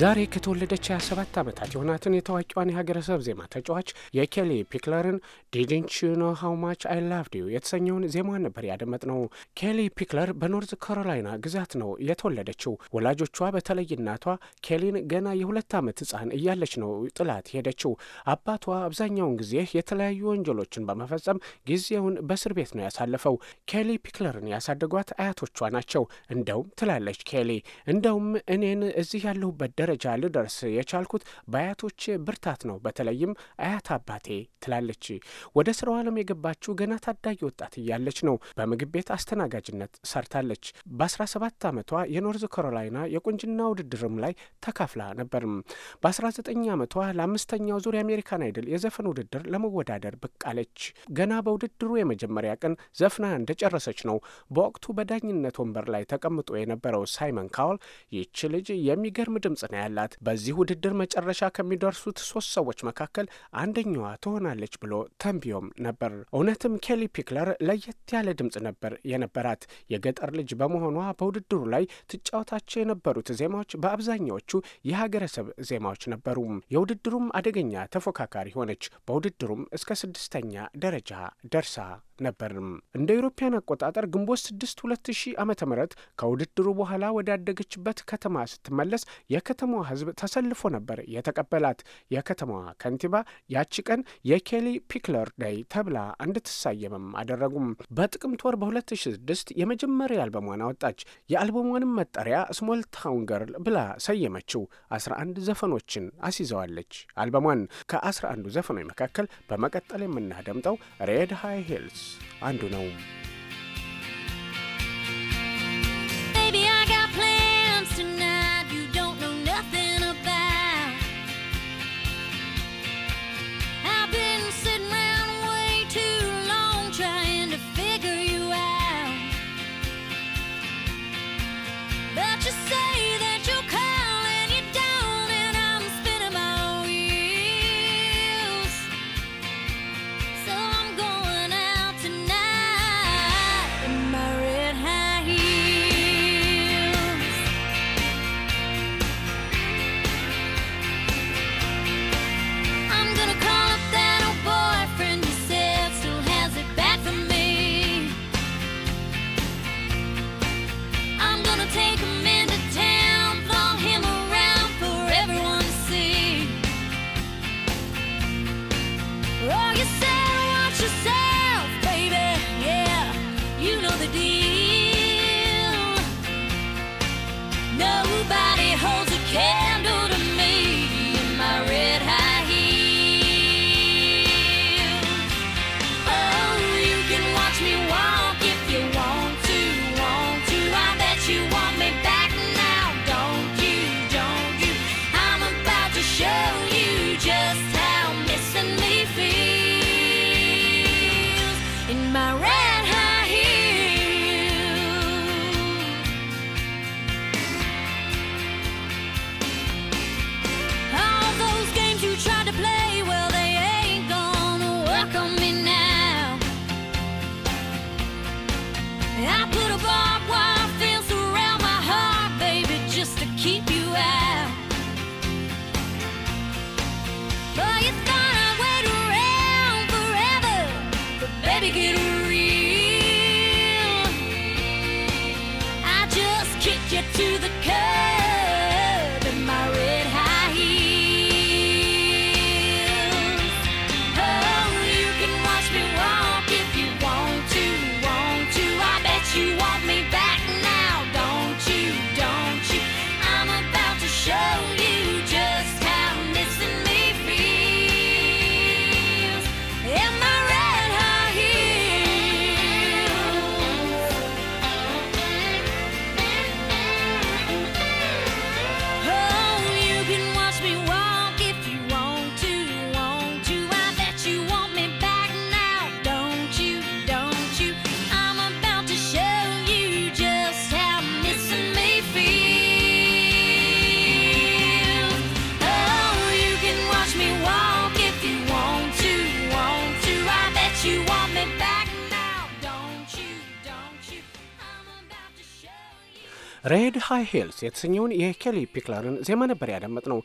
ዛሬ ከተወለደች 27 ዓመታት የሆናትን የታዋቂዋን የሀገረሰብ ዜማ ተጫዋች የኬሊ ፒክለርን ዲድንት ኖ ሀው ማች አይ ላቭድ ዩ የተሰኘውን ዜማዋን ነበር ነው። ኬሊ ፒክለር በኖርዝ ካሮላይና ግዛት ነው የተወለደችው። ወላጆቿ በተለይ እናቷ ኬሊን ገና የሁለት ዓመት ህፃን እያለች ነው ጥላት ሄደችው። አባቷ አብዛኛውን ጊዜ የተለያዩ ወንጀሎችን በመፈጸም ጊዜውን በእስር ቤት ነው ያሳለፈው። ኬሊ ፒክለርን ያሳደጓት አያቶቿ ናቸው። እንደውም ትላለች ኬሊ፣ እንደውም እኔን እዚህ ያለሁበት ደረጃ ደረጃ ልደርስ የቻልኩት በአያቶቼ ብርታት ነው፣ በተለይም አያት አባቴ ትላለች። ወደ ስራው ዓለም የገባችው ገና ታዳጊ ወጣት እያለች ነው። በምግብ ቤት አስተናጋጅነት ሰርታለች። በ17 ዓመቷ የኖርዝ ካሮላይና የቁንጅና ውድድርም ላይ ተካፍላ ነበርም። በ19 ዓመቷ ለአምስተኛው ዙር የአሜሪካን አይድል የዘፈን ውድድር ለመወዳደር ብቃለች። ገና በውድድሩ የመጀመሪያ ቀን ዘፍና እንደጨረሰች ነው በወቅቱ በዳኝነት ወንበር ላይ ተቀምጦ የነበረው ሳይመን ካውል ይህች ልጅ የሚገርም ድምጽ ነው ያላት በዚህ ውድድር መጨረሻ ከሚደርሱት ሶስት ሰዎች መካከል አንደኛዋ ትሆናለች ብሎ ተንብዮም ነበር። እውነትም ኬሊ ፒክለር ለየት ያለ ድምፅ ነበር የነበራት። የገጠር ልጅ በመሆኗ በውድድሩ ላይ ትጫወታቸው የነበሩት ዜማዎች በአብዛኛዎቹ የሀገረሰብ ዜማዎች ነበሩ። የውድድሩም አደገኛ ተፎካካሪ ሆነች። በውድድሩም እስከ ስድስተኛ ደረጃ ደርሳ ነበርም እንደ አውሮፓውያን አቆጣጠር ግንቦት 6 2000 ዓ ም ከውድድሩ በኋላ ወዳደገችበት ከተማ ስትመለስ የከተማዋ ሕዝብ ተሰልፎ ነበር የተቀበላት። የከተማዋ ከንቲባ ያቺ ቀን የኬሊ ፒክለር ደይ ተብላ እንድትሳየምም አደረጉም። በጥቅምት ወር በ2006 የመጀመሪያ አልበሟን አወጣች። የአልበሟንም መጠሪያ ስሞል ታውን ገርል ብላ ሰየመችው። 11 ዘፈኖችን አስይዘዋለች። አልበሟን ከ11ዱ ዘፈኖች መካከል በመቀጠል የምናደምጠው ሬድ ሃይ ሂልስ አንዱ ነው። ሬድ ሃይ ሄልስ የተሰኘውን የኬሊ ፒክለርን ዜማ ነበር ያደመጥ ነው።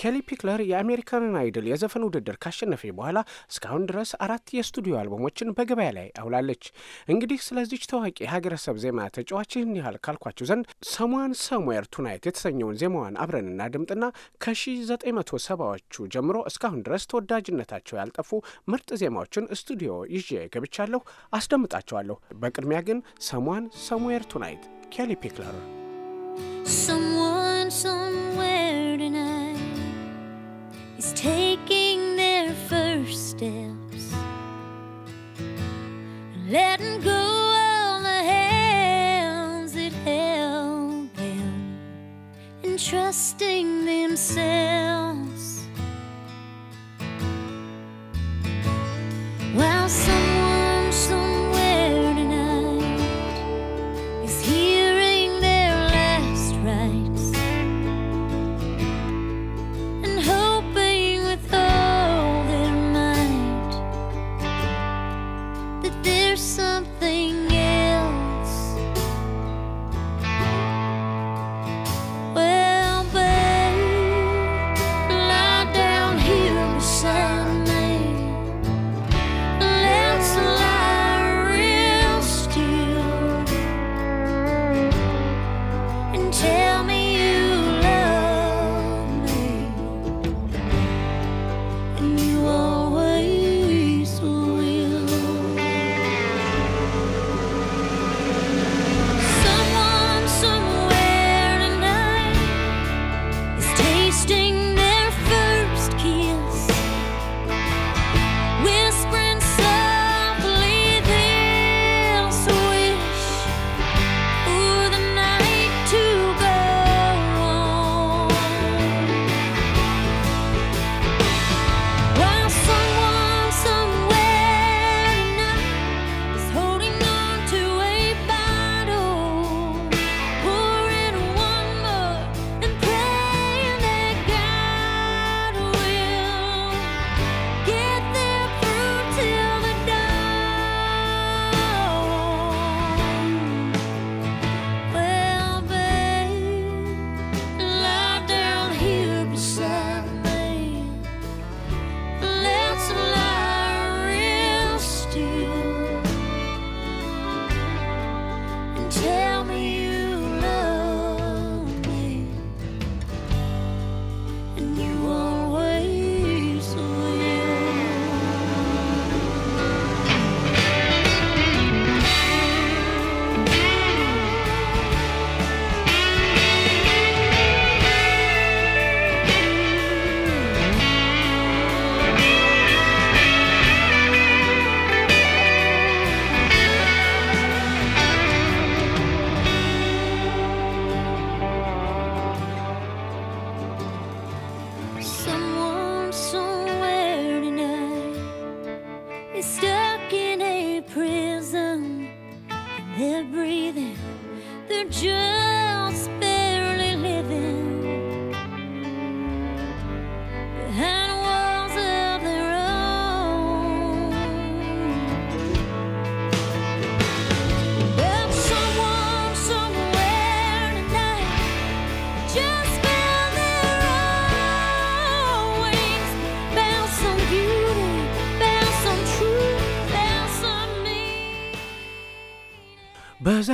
ኬሊ ፒክለር የአሜሪካንን አይድል የዘፈን ውድድር ካሸነፈ በኋላ እስካሁን ድረስ አራት የስቱዲዮ አልበሞችን በገበያ ላይ አውላለች። እንግዲህ ስለዚች ታዋቂ የሀገረሰብ ዜማ ይህን ያህል ካልኳችሁ ዘንድ ሰሟን ሰሙዌር ቱናይት የተሰኘውን ዜማዋን አብረን እናድምጥና ከ 1970 ሰባዎቹ ጀምሮ እስካሁን ድረስ ተወዳጅነታቸው ያልጠፉ ምርጥ ዜማዎችን ስቱዲዮ ይዤ ገብቻለሁ፣ አስደምጣቸዋለሁ። በቅድሚያ ግን ሰሟን ሰሙዌር ቱናይት ኬሊ ፒክለር Someone somewhere tonight is taking their first steps, letting go of the hands that held them, and trusting themselves. While some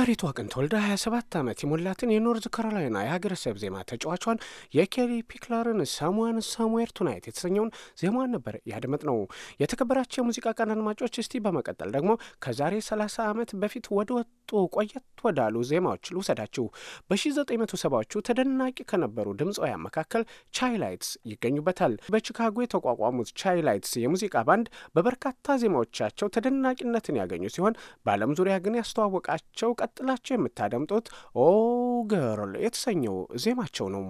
ዛሬቱ አቅንቶ ወልዳ 27 ዓመት የሞላትን የኖርዝ ካሮላይና የሀገረሰብ ሰብ ዜማ ተጫዋቿን የኬሪ ፒክለርን ሳሙዋን ሳሙዌር ቱናይት የተሰኘውን ዜማዋን ነበር ያደመጥ ነው። የተከበራቸው የሙዚቃ ቀን አድማጮች፣ እስቲ በመቀጠል ደግሞ ከዛሬ 30 ዓመት በፊት ወደ ወጡ ቆየት ወዳሉ ዜማዎች ልውሰዳችሁ። በ1970ዎቹ ተደናቂ ከነበሩ ድምፃውያን መካከል ቻይላይትስ ይገኙበታል። በቺካጎ የተቋቋሙት ቻይላይትስ የሙዚቃ ባንድ በበርካታ ዜማዎቻቸው ተደናቂነትን ያገኙ ሲሆን በዓለም ዙሪያ ግን ያስተዋወቃቸው ቀጥላቸው የምታደምጡት ኦ ገርል የተሰኘው ዜማቸው ነው።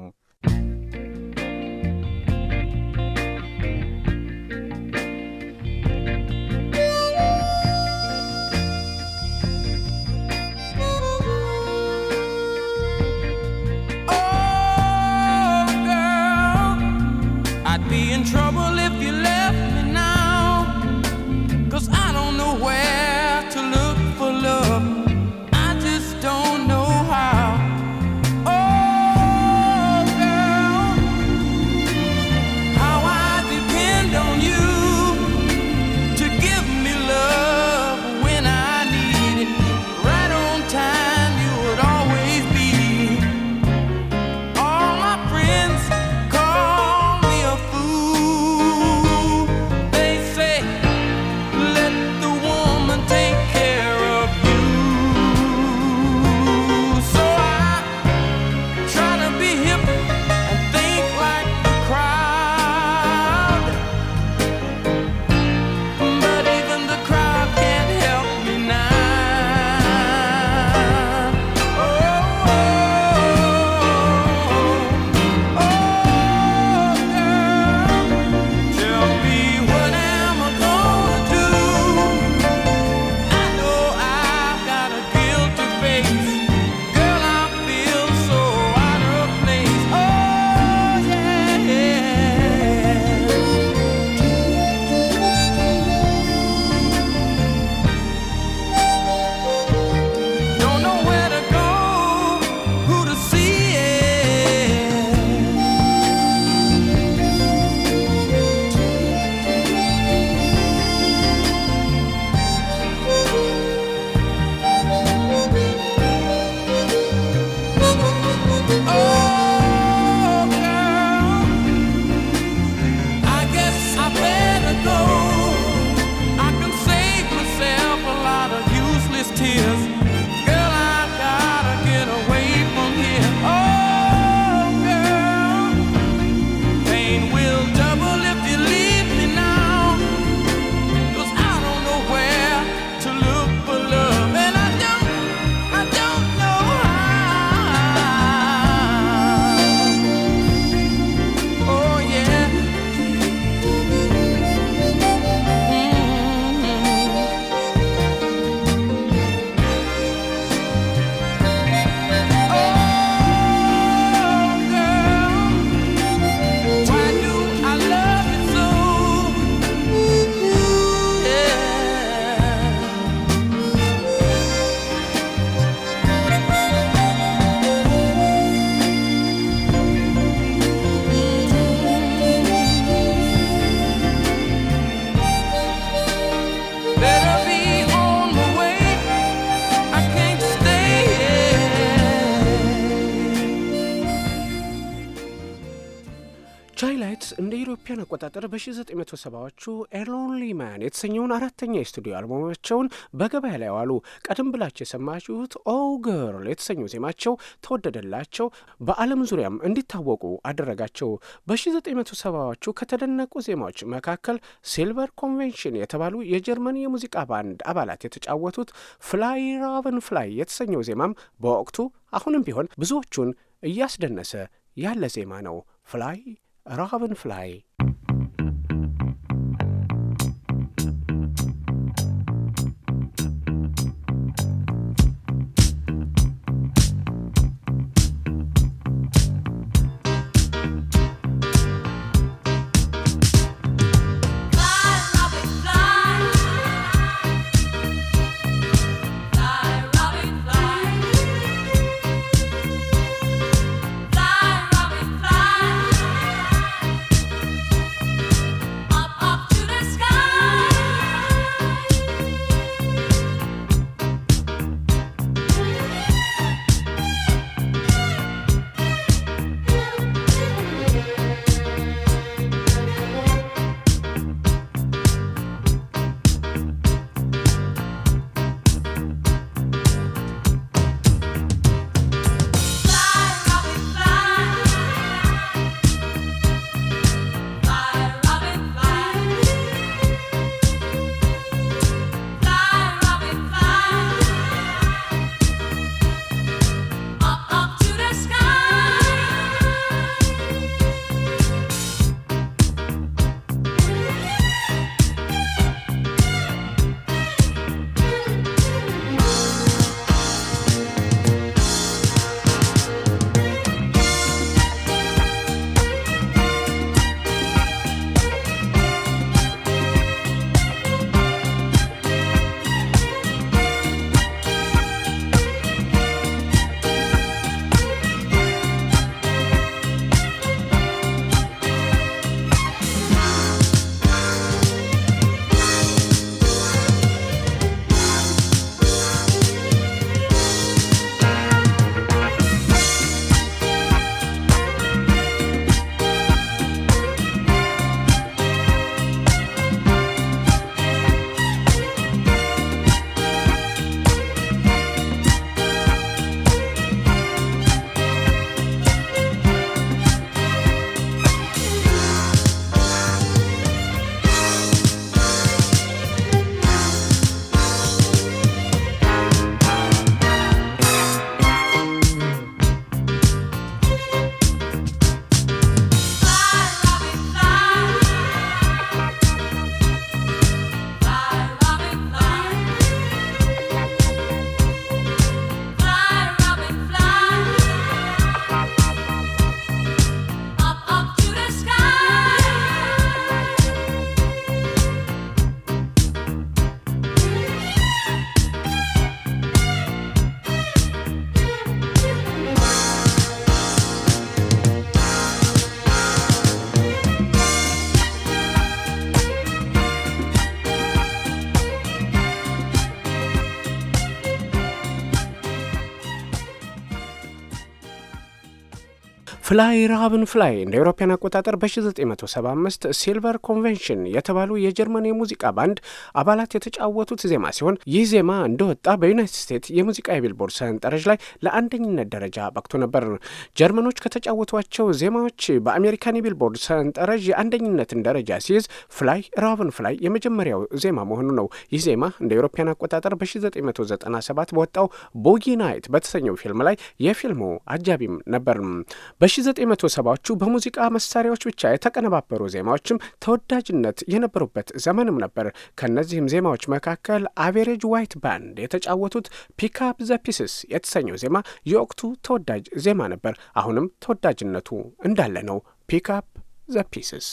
በ1970ዎቹ ኤሎንሊ ማን የተሰኘውን አራተኛ የስቱዲዮ አልበማቸውን በገበያ ላይ ዋሉ። ቀደም ብላቸው የሰማችሁት ኦ ገርል የተሰኘው ዜማቸው ተወደደላቸው፣ በዓለም ዙሪያም እንዲታወቁ አደረጋቸው። በ1970ዎቹ ከተደነቁ ዜማዎች መካከል ሲልቨር ኮንቬንሽን የተባሉ የጀርመን የሙዚቃ ባንድ አባላት የተጫወቱት ፍላይ ራቨን ፍላይ የተሰኘው ዜማም በወቅቱ አሁንም ቢሆን ብዙዎቹን እያስደነሰ ያለ ዜማ ነው። ፍላይ ራቨን ፍላይ ፍላይ ረሃብን ፍላይ እንደ አውሮፓውያን አቆጣጠር በ1975 ሲልቨር ኮንቬንሽን የተባሉ የጀርመን የሙዚቃ ባንድ አባላት የተጫወቱት ዜማ ሲሆን ይህ ዜማ እንደወጣ በዩናይትድ ስቴትስ የሙዚቃ የቢልቦርድ ሰንጠረዥ ላይ ለአንደኝነት ደረጃ በቅቶ ነበር። ጀርመኖች ከተጫወቷቸው ዜማዎች በአሜሪካን የቢልቦርድ ሰንጠረዥ የአንደኝነትን ደረጃ ሲይዝ ፍላይ ረሃብን ፍላይ የመጀመሪያው ዜማ መሆኑ ነው። ይህ ዜማ እንደ አውሮፓውያን አቆጣጠር በ1997 በወጣው ቦጊ ናይት በተሰኘው ፊልም ላይ የፊልሙ አጃቢም ነበር። በ1970ዎቹ በሙዚቃ መሳሪያዎች ብቻ የተቀነባበሩ ዜማዎችም ተወዳጅነት የነበሩበት ዘመንም ነበር። ከእነዚህም ዜማዎች መካከል አቬሬጅ ዋይት ባንድ የተጫወቱት ፒክአፕ ዘ ፒስስ የተሰኘው ዜማ የወቅቱ ተወዳጅ ዜማ ነበር። አሁንም ተወዳጅነቱ እንዳለ ነው። ፒካፕ ዘ ፒስስ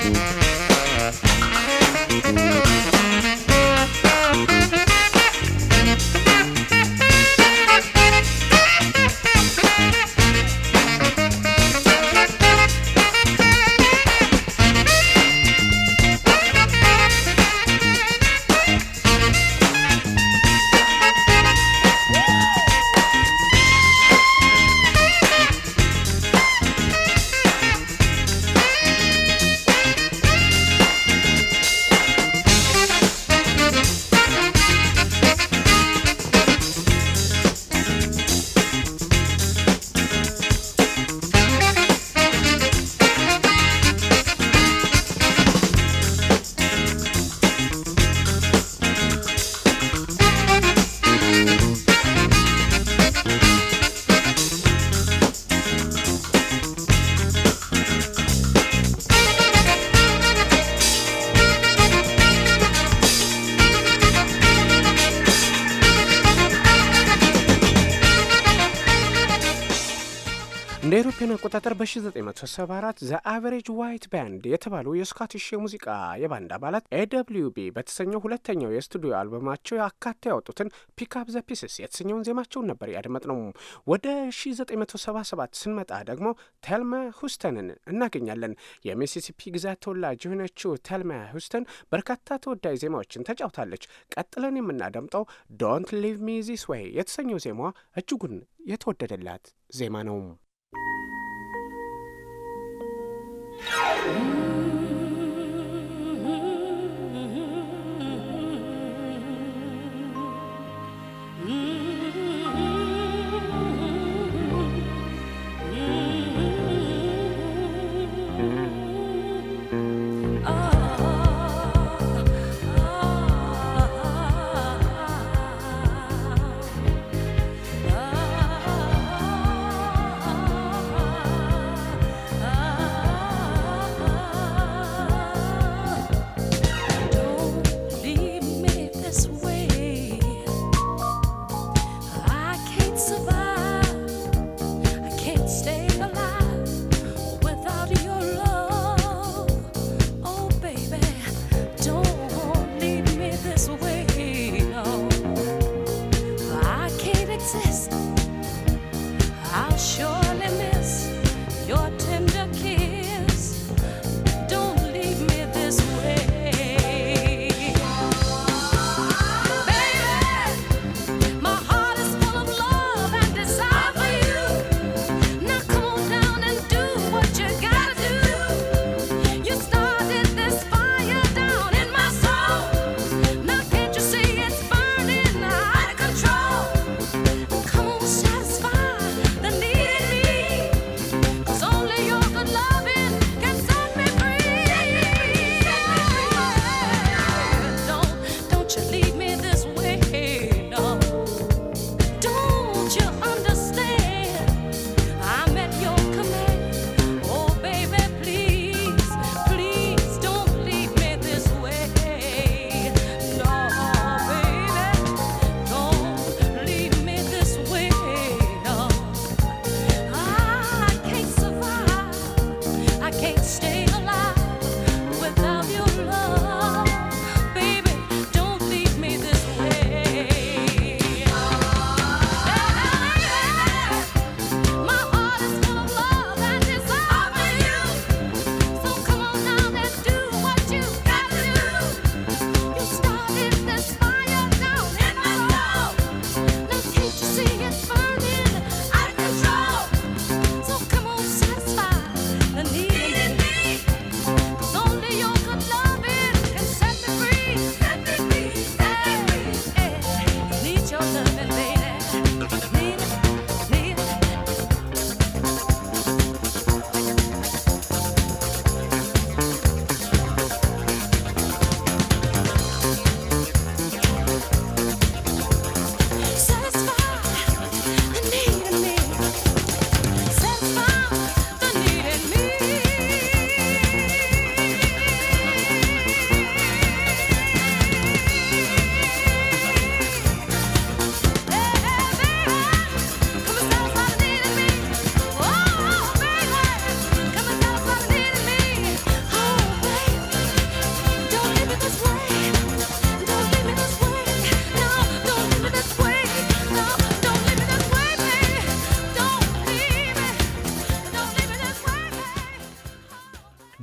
Thank you. በ1974 ዘ አቨሬጅ ዋይት ባንድ የተባሉ የስኮቲሽ የሙዚቃ የባንድ አባላት ኤደብሊው ቢ በተሰኘው ሁለተኛው የስቱዲዮ አልበማቸው አካታ ያወጡትን ፒክአፕ ዘ ፒስስ የተሰኘውን ዜማቸውን ነበር ያደመጥነው። ወደ 1977 ስንመጣ ደግሞ ተልማ ሁስተንን እናገኛለን። የሚሲሲፒ ግዛት ተወላጅ የሆነችው ተልማ ሁስተን በርካታ ተወዳጅ ዜማዎችን ተጫውታለች። ቀጥለን የምናደምጠው ዶንት ሊቭ ሚ ዚስ ወይ የተሰኘው ዜማዋ እጅጉን የተወደደላት ዜማ ነው። Mm.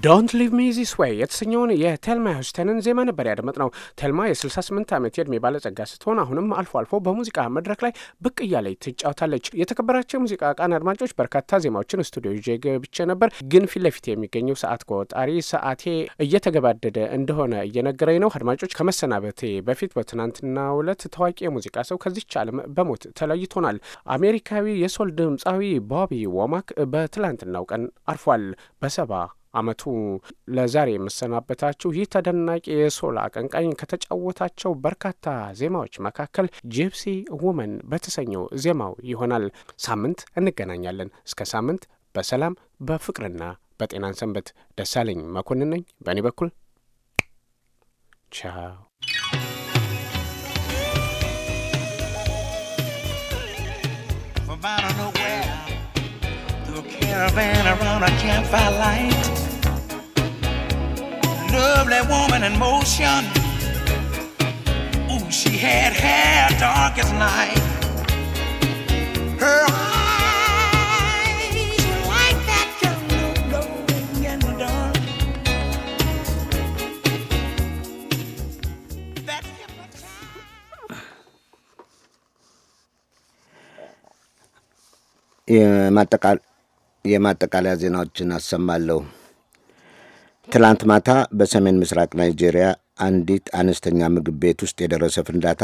ዶንት ሊቭ ሚ ዚስ ወይ የተሰኘውን የቴልማ ሂውስተንን ዜማ ነበር ነው። ቴልማ የ68 ዓመት የእድሜ ባለጸጋ ስትሆን አሁንም አልፎ አልፎ በሙዚቃ መድረክ ላይ ብቅ እያለች ትጫወታለች። የተከበራቸው የሙዚቃ ቃን አድማጮች በርካታ ዜማዎችን ስቱዲዮ ይዤ ገብቼ ነበር፣ ግን ፊት ለፊት የሚገኘው ሰዓት ቆጣሪ ሰዓቴ እየተገባደደ እንደሆነ እየነገረኝ ነው። አድማጮች ከመሰናበቴ በፊት በትናንትናው ዕለት ታዋቂ የሙዚቃ ሰው ከዚች ዓለም በሞት ተለይቶናል። አሜሪካዊ የሶል ድምፃዊ ቦቢ ወማክ በትላንትናው ቀን አርፏል በሰባ አመቱ። ለዛሬ የምሰናበታችሁ ይህ ተደናቂ የሶል አቀንቃኝ ከተጫወታቸው በርካታ ዜማዎች መካከል ጂፕሲ ውመን በተሰኘው ዜማው ይሆናል። ሳምንት እንገናኛለን። እስከ ሳምንት በሰላም በፍቅርና በጤናን ሰንበት። ደሳለኝ መኮንን ነኝ በእኔ በኩል ቻው። through a caravan around a campfire light. lovely woman in motion. Ooh, she had hair dark as night. Her eyes were like that kind of glowing in the dark. That የማጠቃለያ ዜናዎችን አሰማለሁ። ትላንት ማታ በሰሜን ምስራቅ ናይጄሪያ አንዲት አነስተኛ ምግብ ቤት ውስጥ የደረሰ ፍንዳታ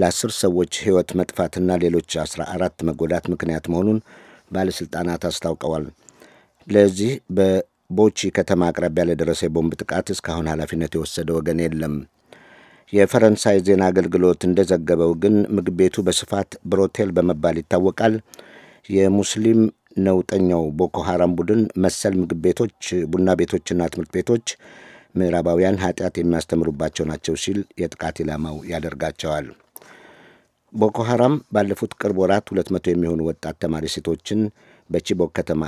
ለአስር ሰዎች ሕይወት መጥፋትና ሌሎች አስራ አራት መጎዳት ምክንያት መሆኑን ባለሥልጣናት አስታውቀዋል። ለዚህ በቦቺ ከተማ አቅራቢያ ለደረሰ የቦምብ ጥቃት እስካሁን ኃላፊነት የወሰደ ወገን የለም። የፈረንሳይ ዜና አገልግሎት እንደዘገበው ግን ምግብ ቤቱ በስፋት ብሮቴል በመባል ይታወቃል። የሙስሊም ነውጠኛው ቦኮ ሐራም ቡድን መሰል ምግብ ቤቶች፣ ቡና ቤቶችና ትምህርት ቤቶች ምዕራባውያን ኃጢአት የሚያስተምሩባቸው ናቸው ሲል የጥቃት ኢላማው ያደርጋቸዋል። ቦኮ ሐራም ባለፉት ቅርብ ወራት 200 የሚሆኑ ወጣት ተማሪ ሴቶችን በቺቦክ ከተማ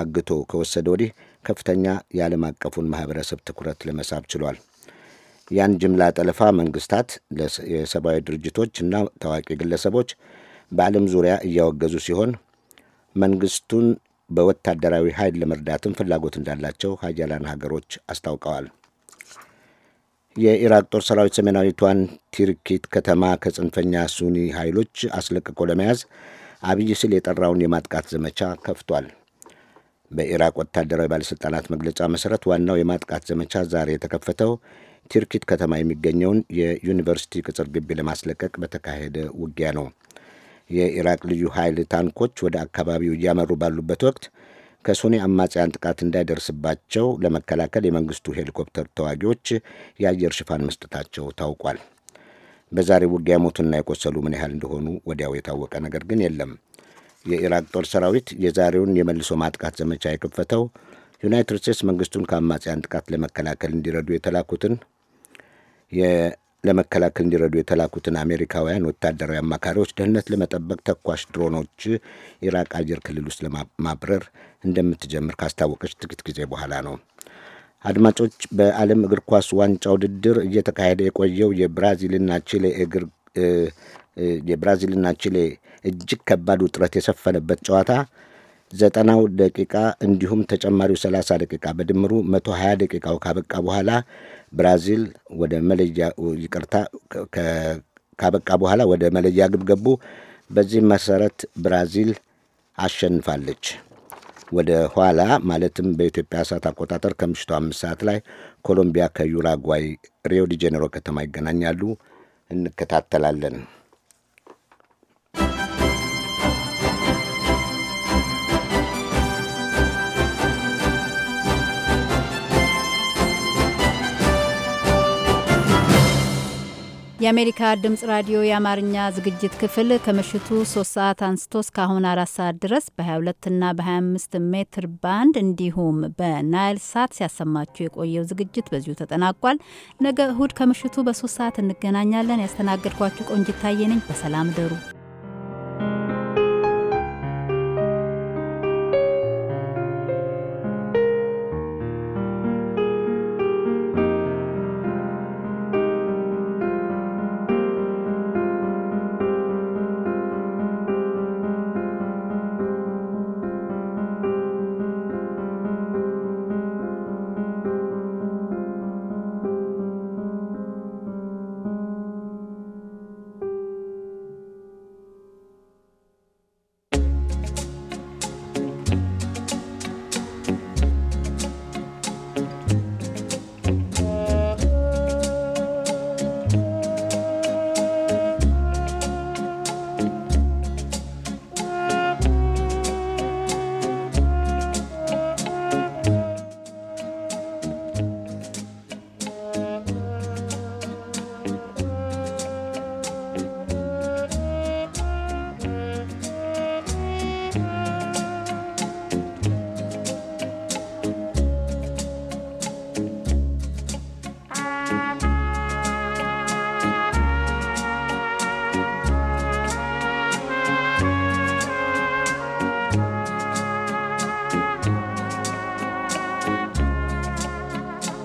አግቶ ከወሰደ ወዲህ ከፍተኛ የዓለም አቀፉን ማኅበረሰብ ትኩረት ለመሳብ ችሏል። ያን ጅምላ ጠለፋ መንግስታት፣ የሰብአዊ ድርጅቶች እና ታዋቂ ግለሰቦች በዓለም ዙሪያ እያወገዙ ሲሆን መንግስቱን በወታደራዊ ኃይል ለመርዳትም ፍላጎት እንዳላቸው ሀያላን ሀገሮች አስታውቀዋል። የኢራቅ ጦር ሰራዊት ሰሜናዊቷን ቲርኪት ከተማ ከጽንፈኛ ሱኒ ኃይሎች አስለቅቆ ለመያዝ አብይ ሲል የጠራውን የማጥቃት ዘመቻ ከፍቷል። በኢራቅ ወታደራዊ ባለሥልጣናት መግለጫ መሠረት ዋናው የማጥቃት ዘመቻ ዛሬ የተከፈተው ቲርኪት ከተማ የሚገኘውን የዩኒቨርሲቲ ቅጽር ግቢ ለማስለቀቅ በተካሄደ ውጊያ ነው። የኢራቅ ልዩ ኃይል ታንኮች ወደ አካባቢው እያመሩ ባሉበት ወቅት ከሱኒ አማጽያን ጥቃት እንዳይደርስባቸው ለመከላከል የመንግስቱ ሄሊኮፕተር ተዋጊዎች የአየር ሽፋን መስጠታቸው ታውቋል። በዛሬ ውጊያ የሞቱና የቆሰሉ ምን ያህል እንደሆኑ ወዲያው የታወቀ ነገር ግን የለም። የኢራቅ ጦር ሰራዊት የዛሬውን የመልሶ ማጥቃት ዘመቻ የከፈተው ዩናይትድ ስቴትስ መንግስቱን ከአማጽያን ጥቃት ለመከላከል እንዲረዱ የተላኩትን ለመከላከል እንዲረዱ የተላኩትን አሜሪካውያን ወታደራዊ አማካሪዎች ደህንነት ለመጠበቅ ተኳሽ ድሮኖች ኢራቅ አየር ክልል ውስጥ ለማብረር እንደምትጀምር ካስታወቀች ጥቂት ጊዜ በኋላ ነው። አድማጮች፣ በዓለም እግር ኳስ ዋንጫ ውድድር እየተካሄደ የቆየው የብራዚልና ቺሌ እግር የብራዚልና ቺሌ እጅግ ከባድ ውጥረት የሰፈነበት ጨዋታ ዘጠናው ደቂቃ እንዲሁም ተጨማሪው 30 ደቂቃ በድምሩ 120 ደቂቃው ካበቃ በኋላ ብራዚል ወደ መለያ ይቅርታ ካበቃ በኋላ ወደ መለያ ግብ ገቡ። በዚህ መሰረት ብራዚል አሸንፋለች። ወደ ኋላ ማለትም በኢትዮጵያ ሰዓት አቆጣጠር ከምሽቱ አምስት ሰዓት ላይ ኮሎምቢያ ከዩራጓይ ሪዮ ዲ ጄኔሮ ከተማ ይገናኛሉ። እንከታተላለን። የአሜሪካ ድምፅ ራዲዮ የአማርኛ ዝግጅት ክፍል ከምሽቱ 3 ሰዓት አንስቶ እስካሁን አራት ሰዓት ድረስ በ22 እና በ25 ሜትር ባንድ እንዲሁም በናይል ሳት ሲያሰማችሁ የቆየው ዝግጅት በዚሁ ተጠናቋል። ነገ እሁድ ከምሽቱ በሶስት ሰዓት እንገናኛለን። ያስተናገድኳችሁ ቆንጂት ታየ ነኝ። በሰላም ደሩ።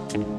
thank you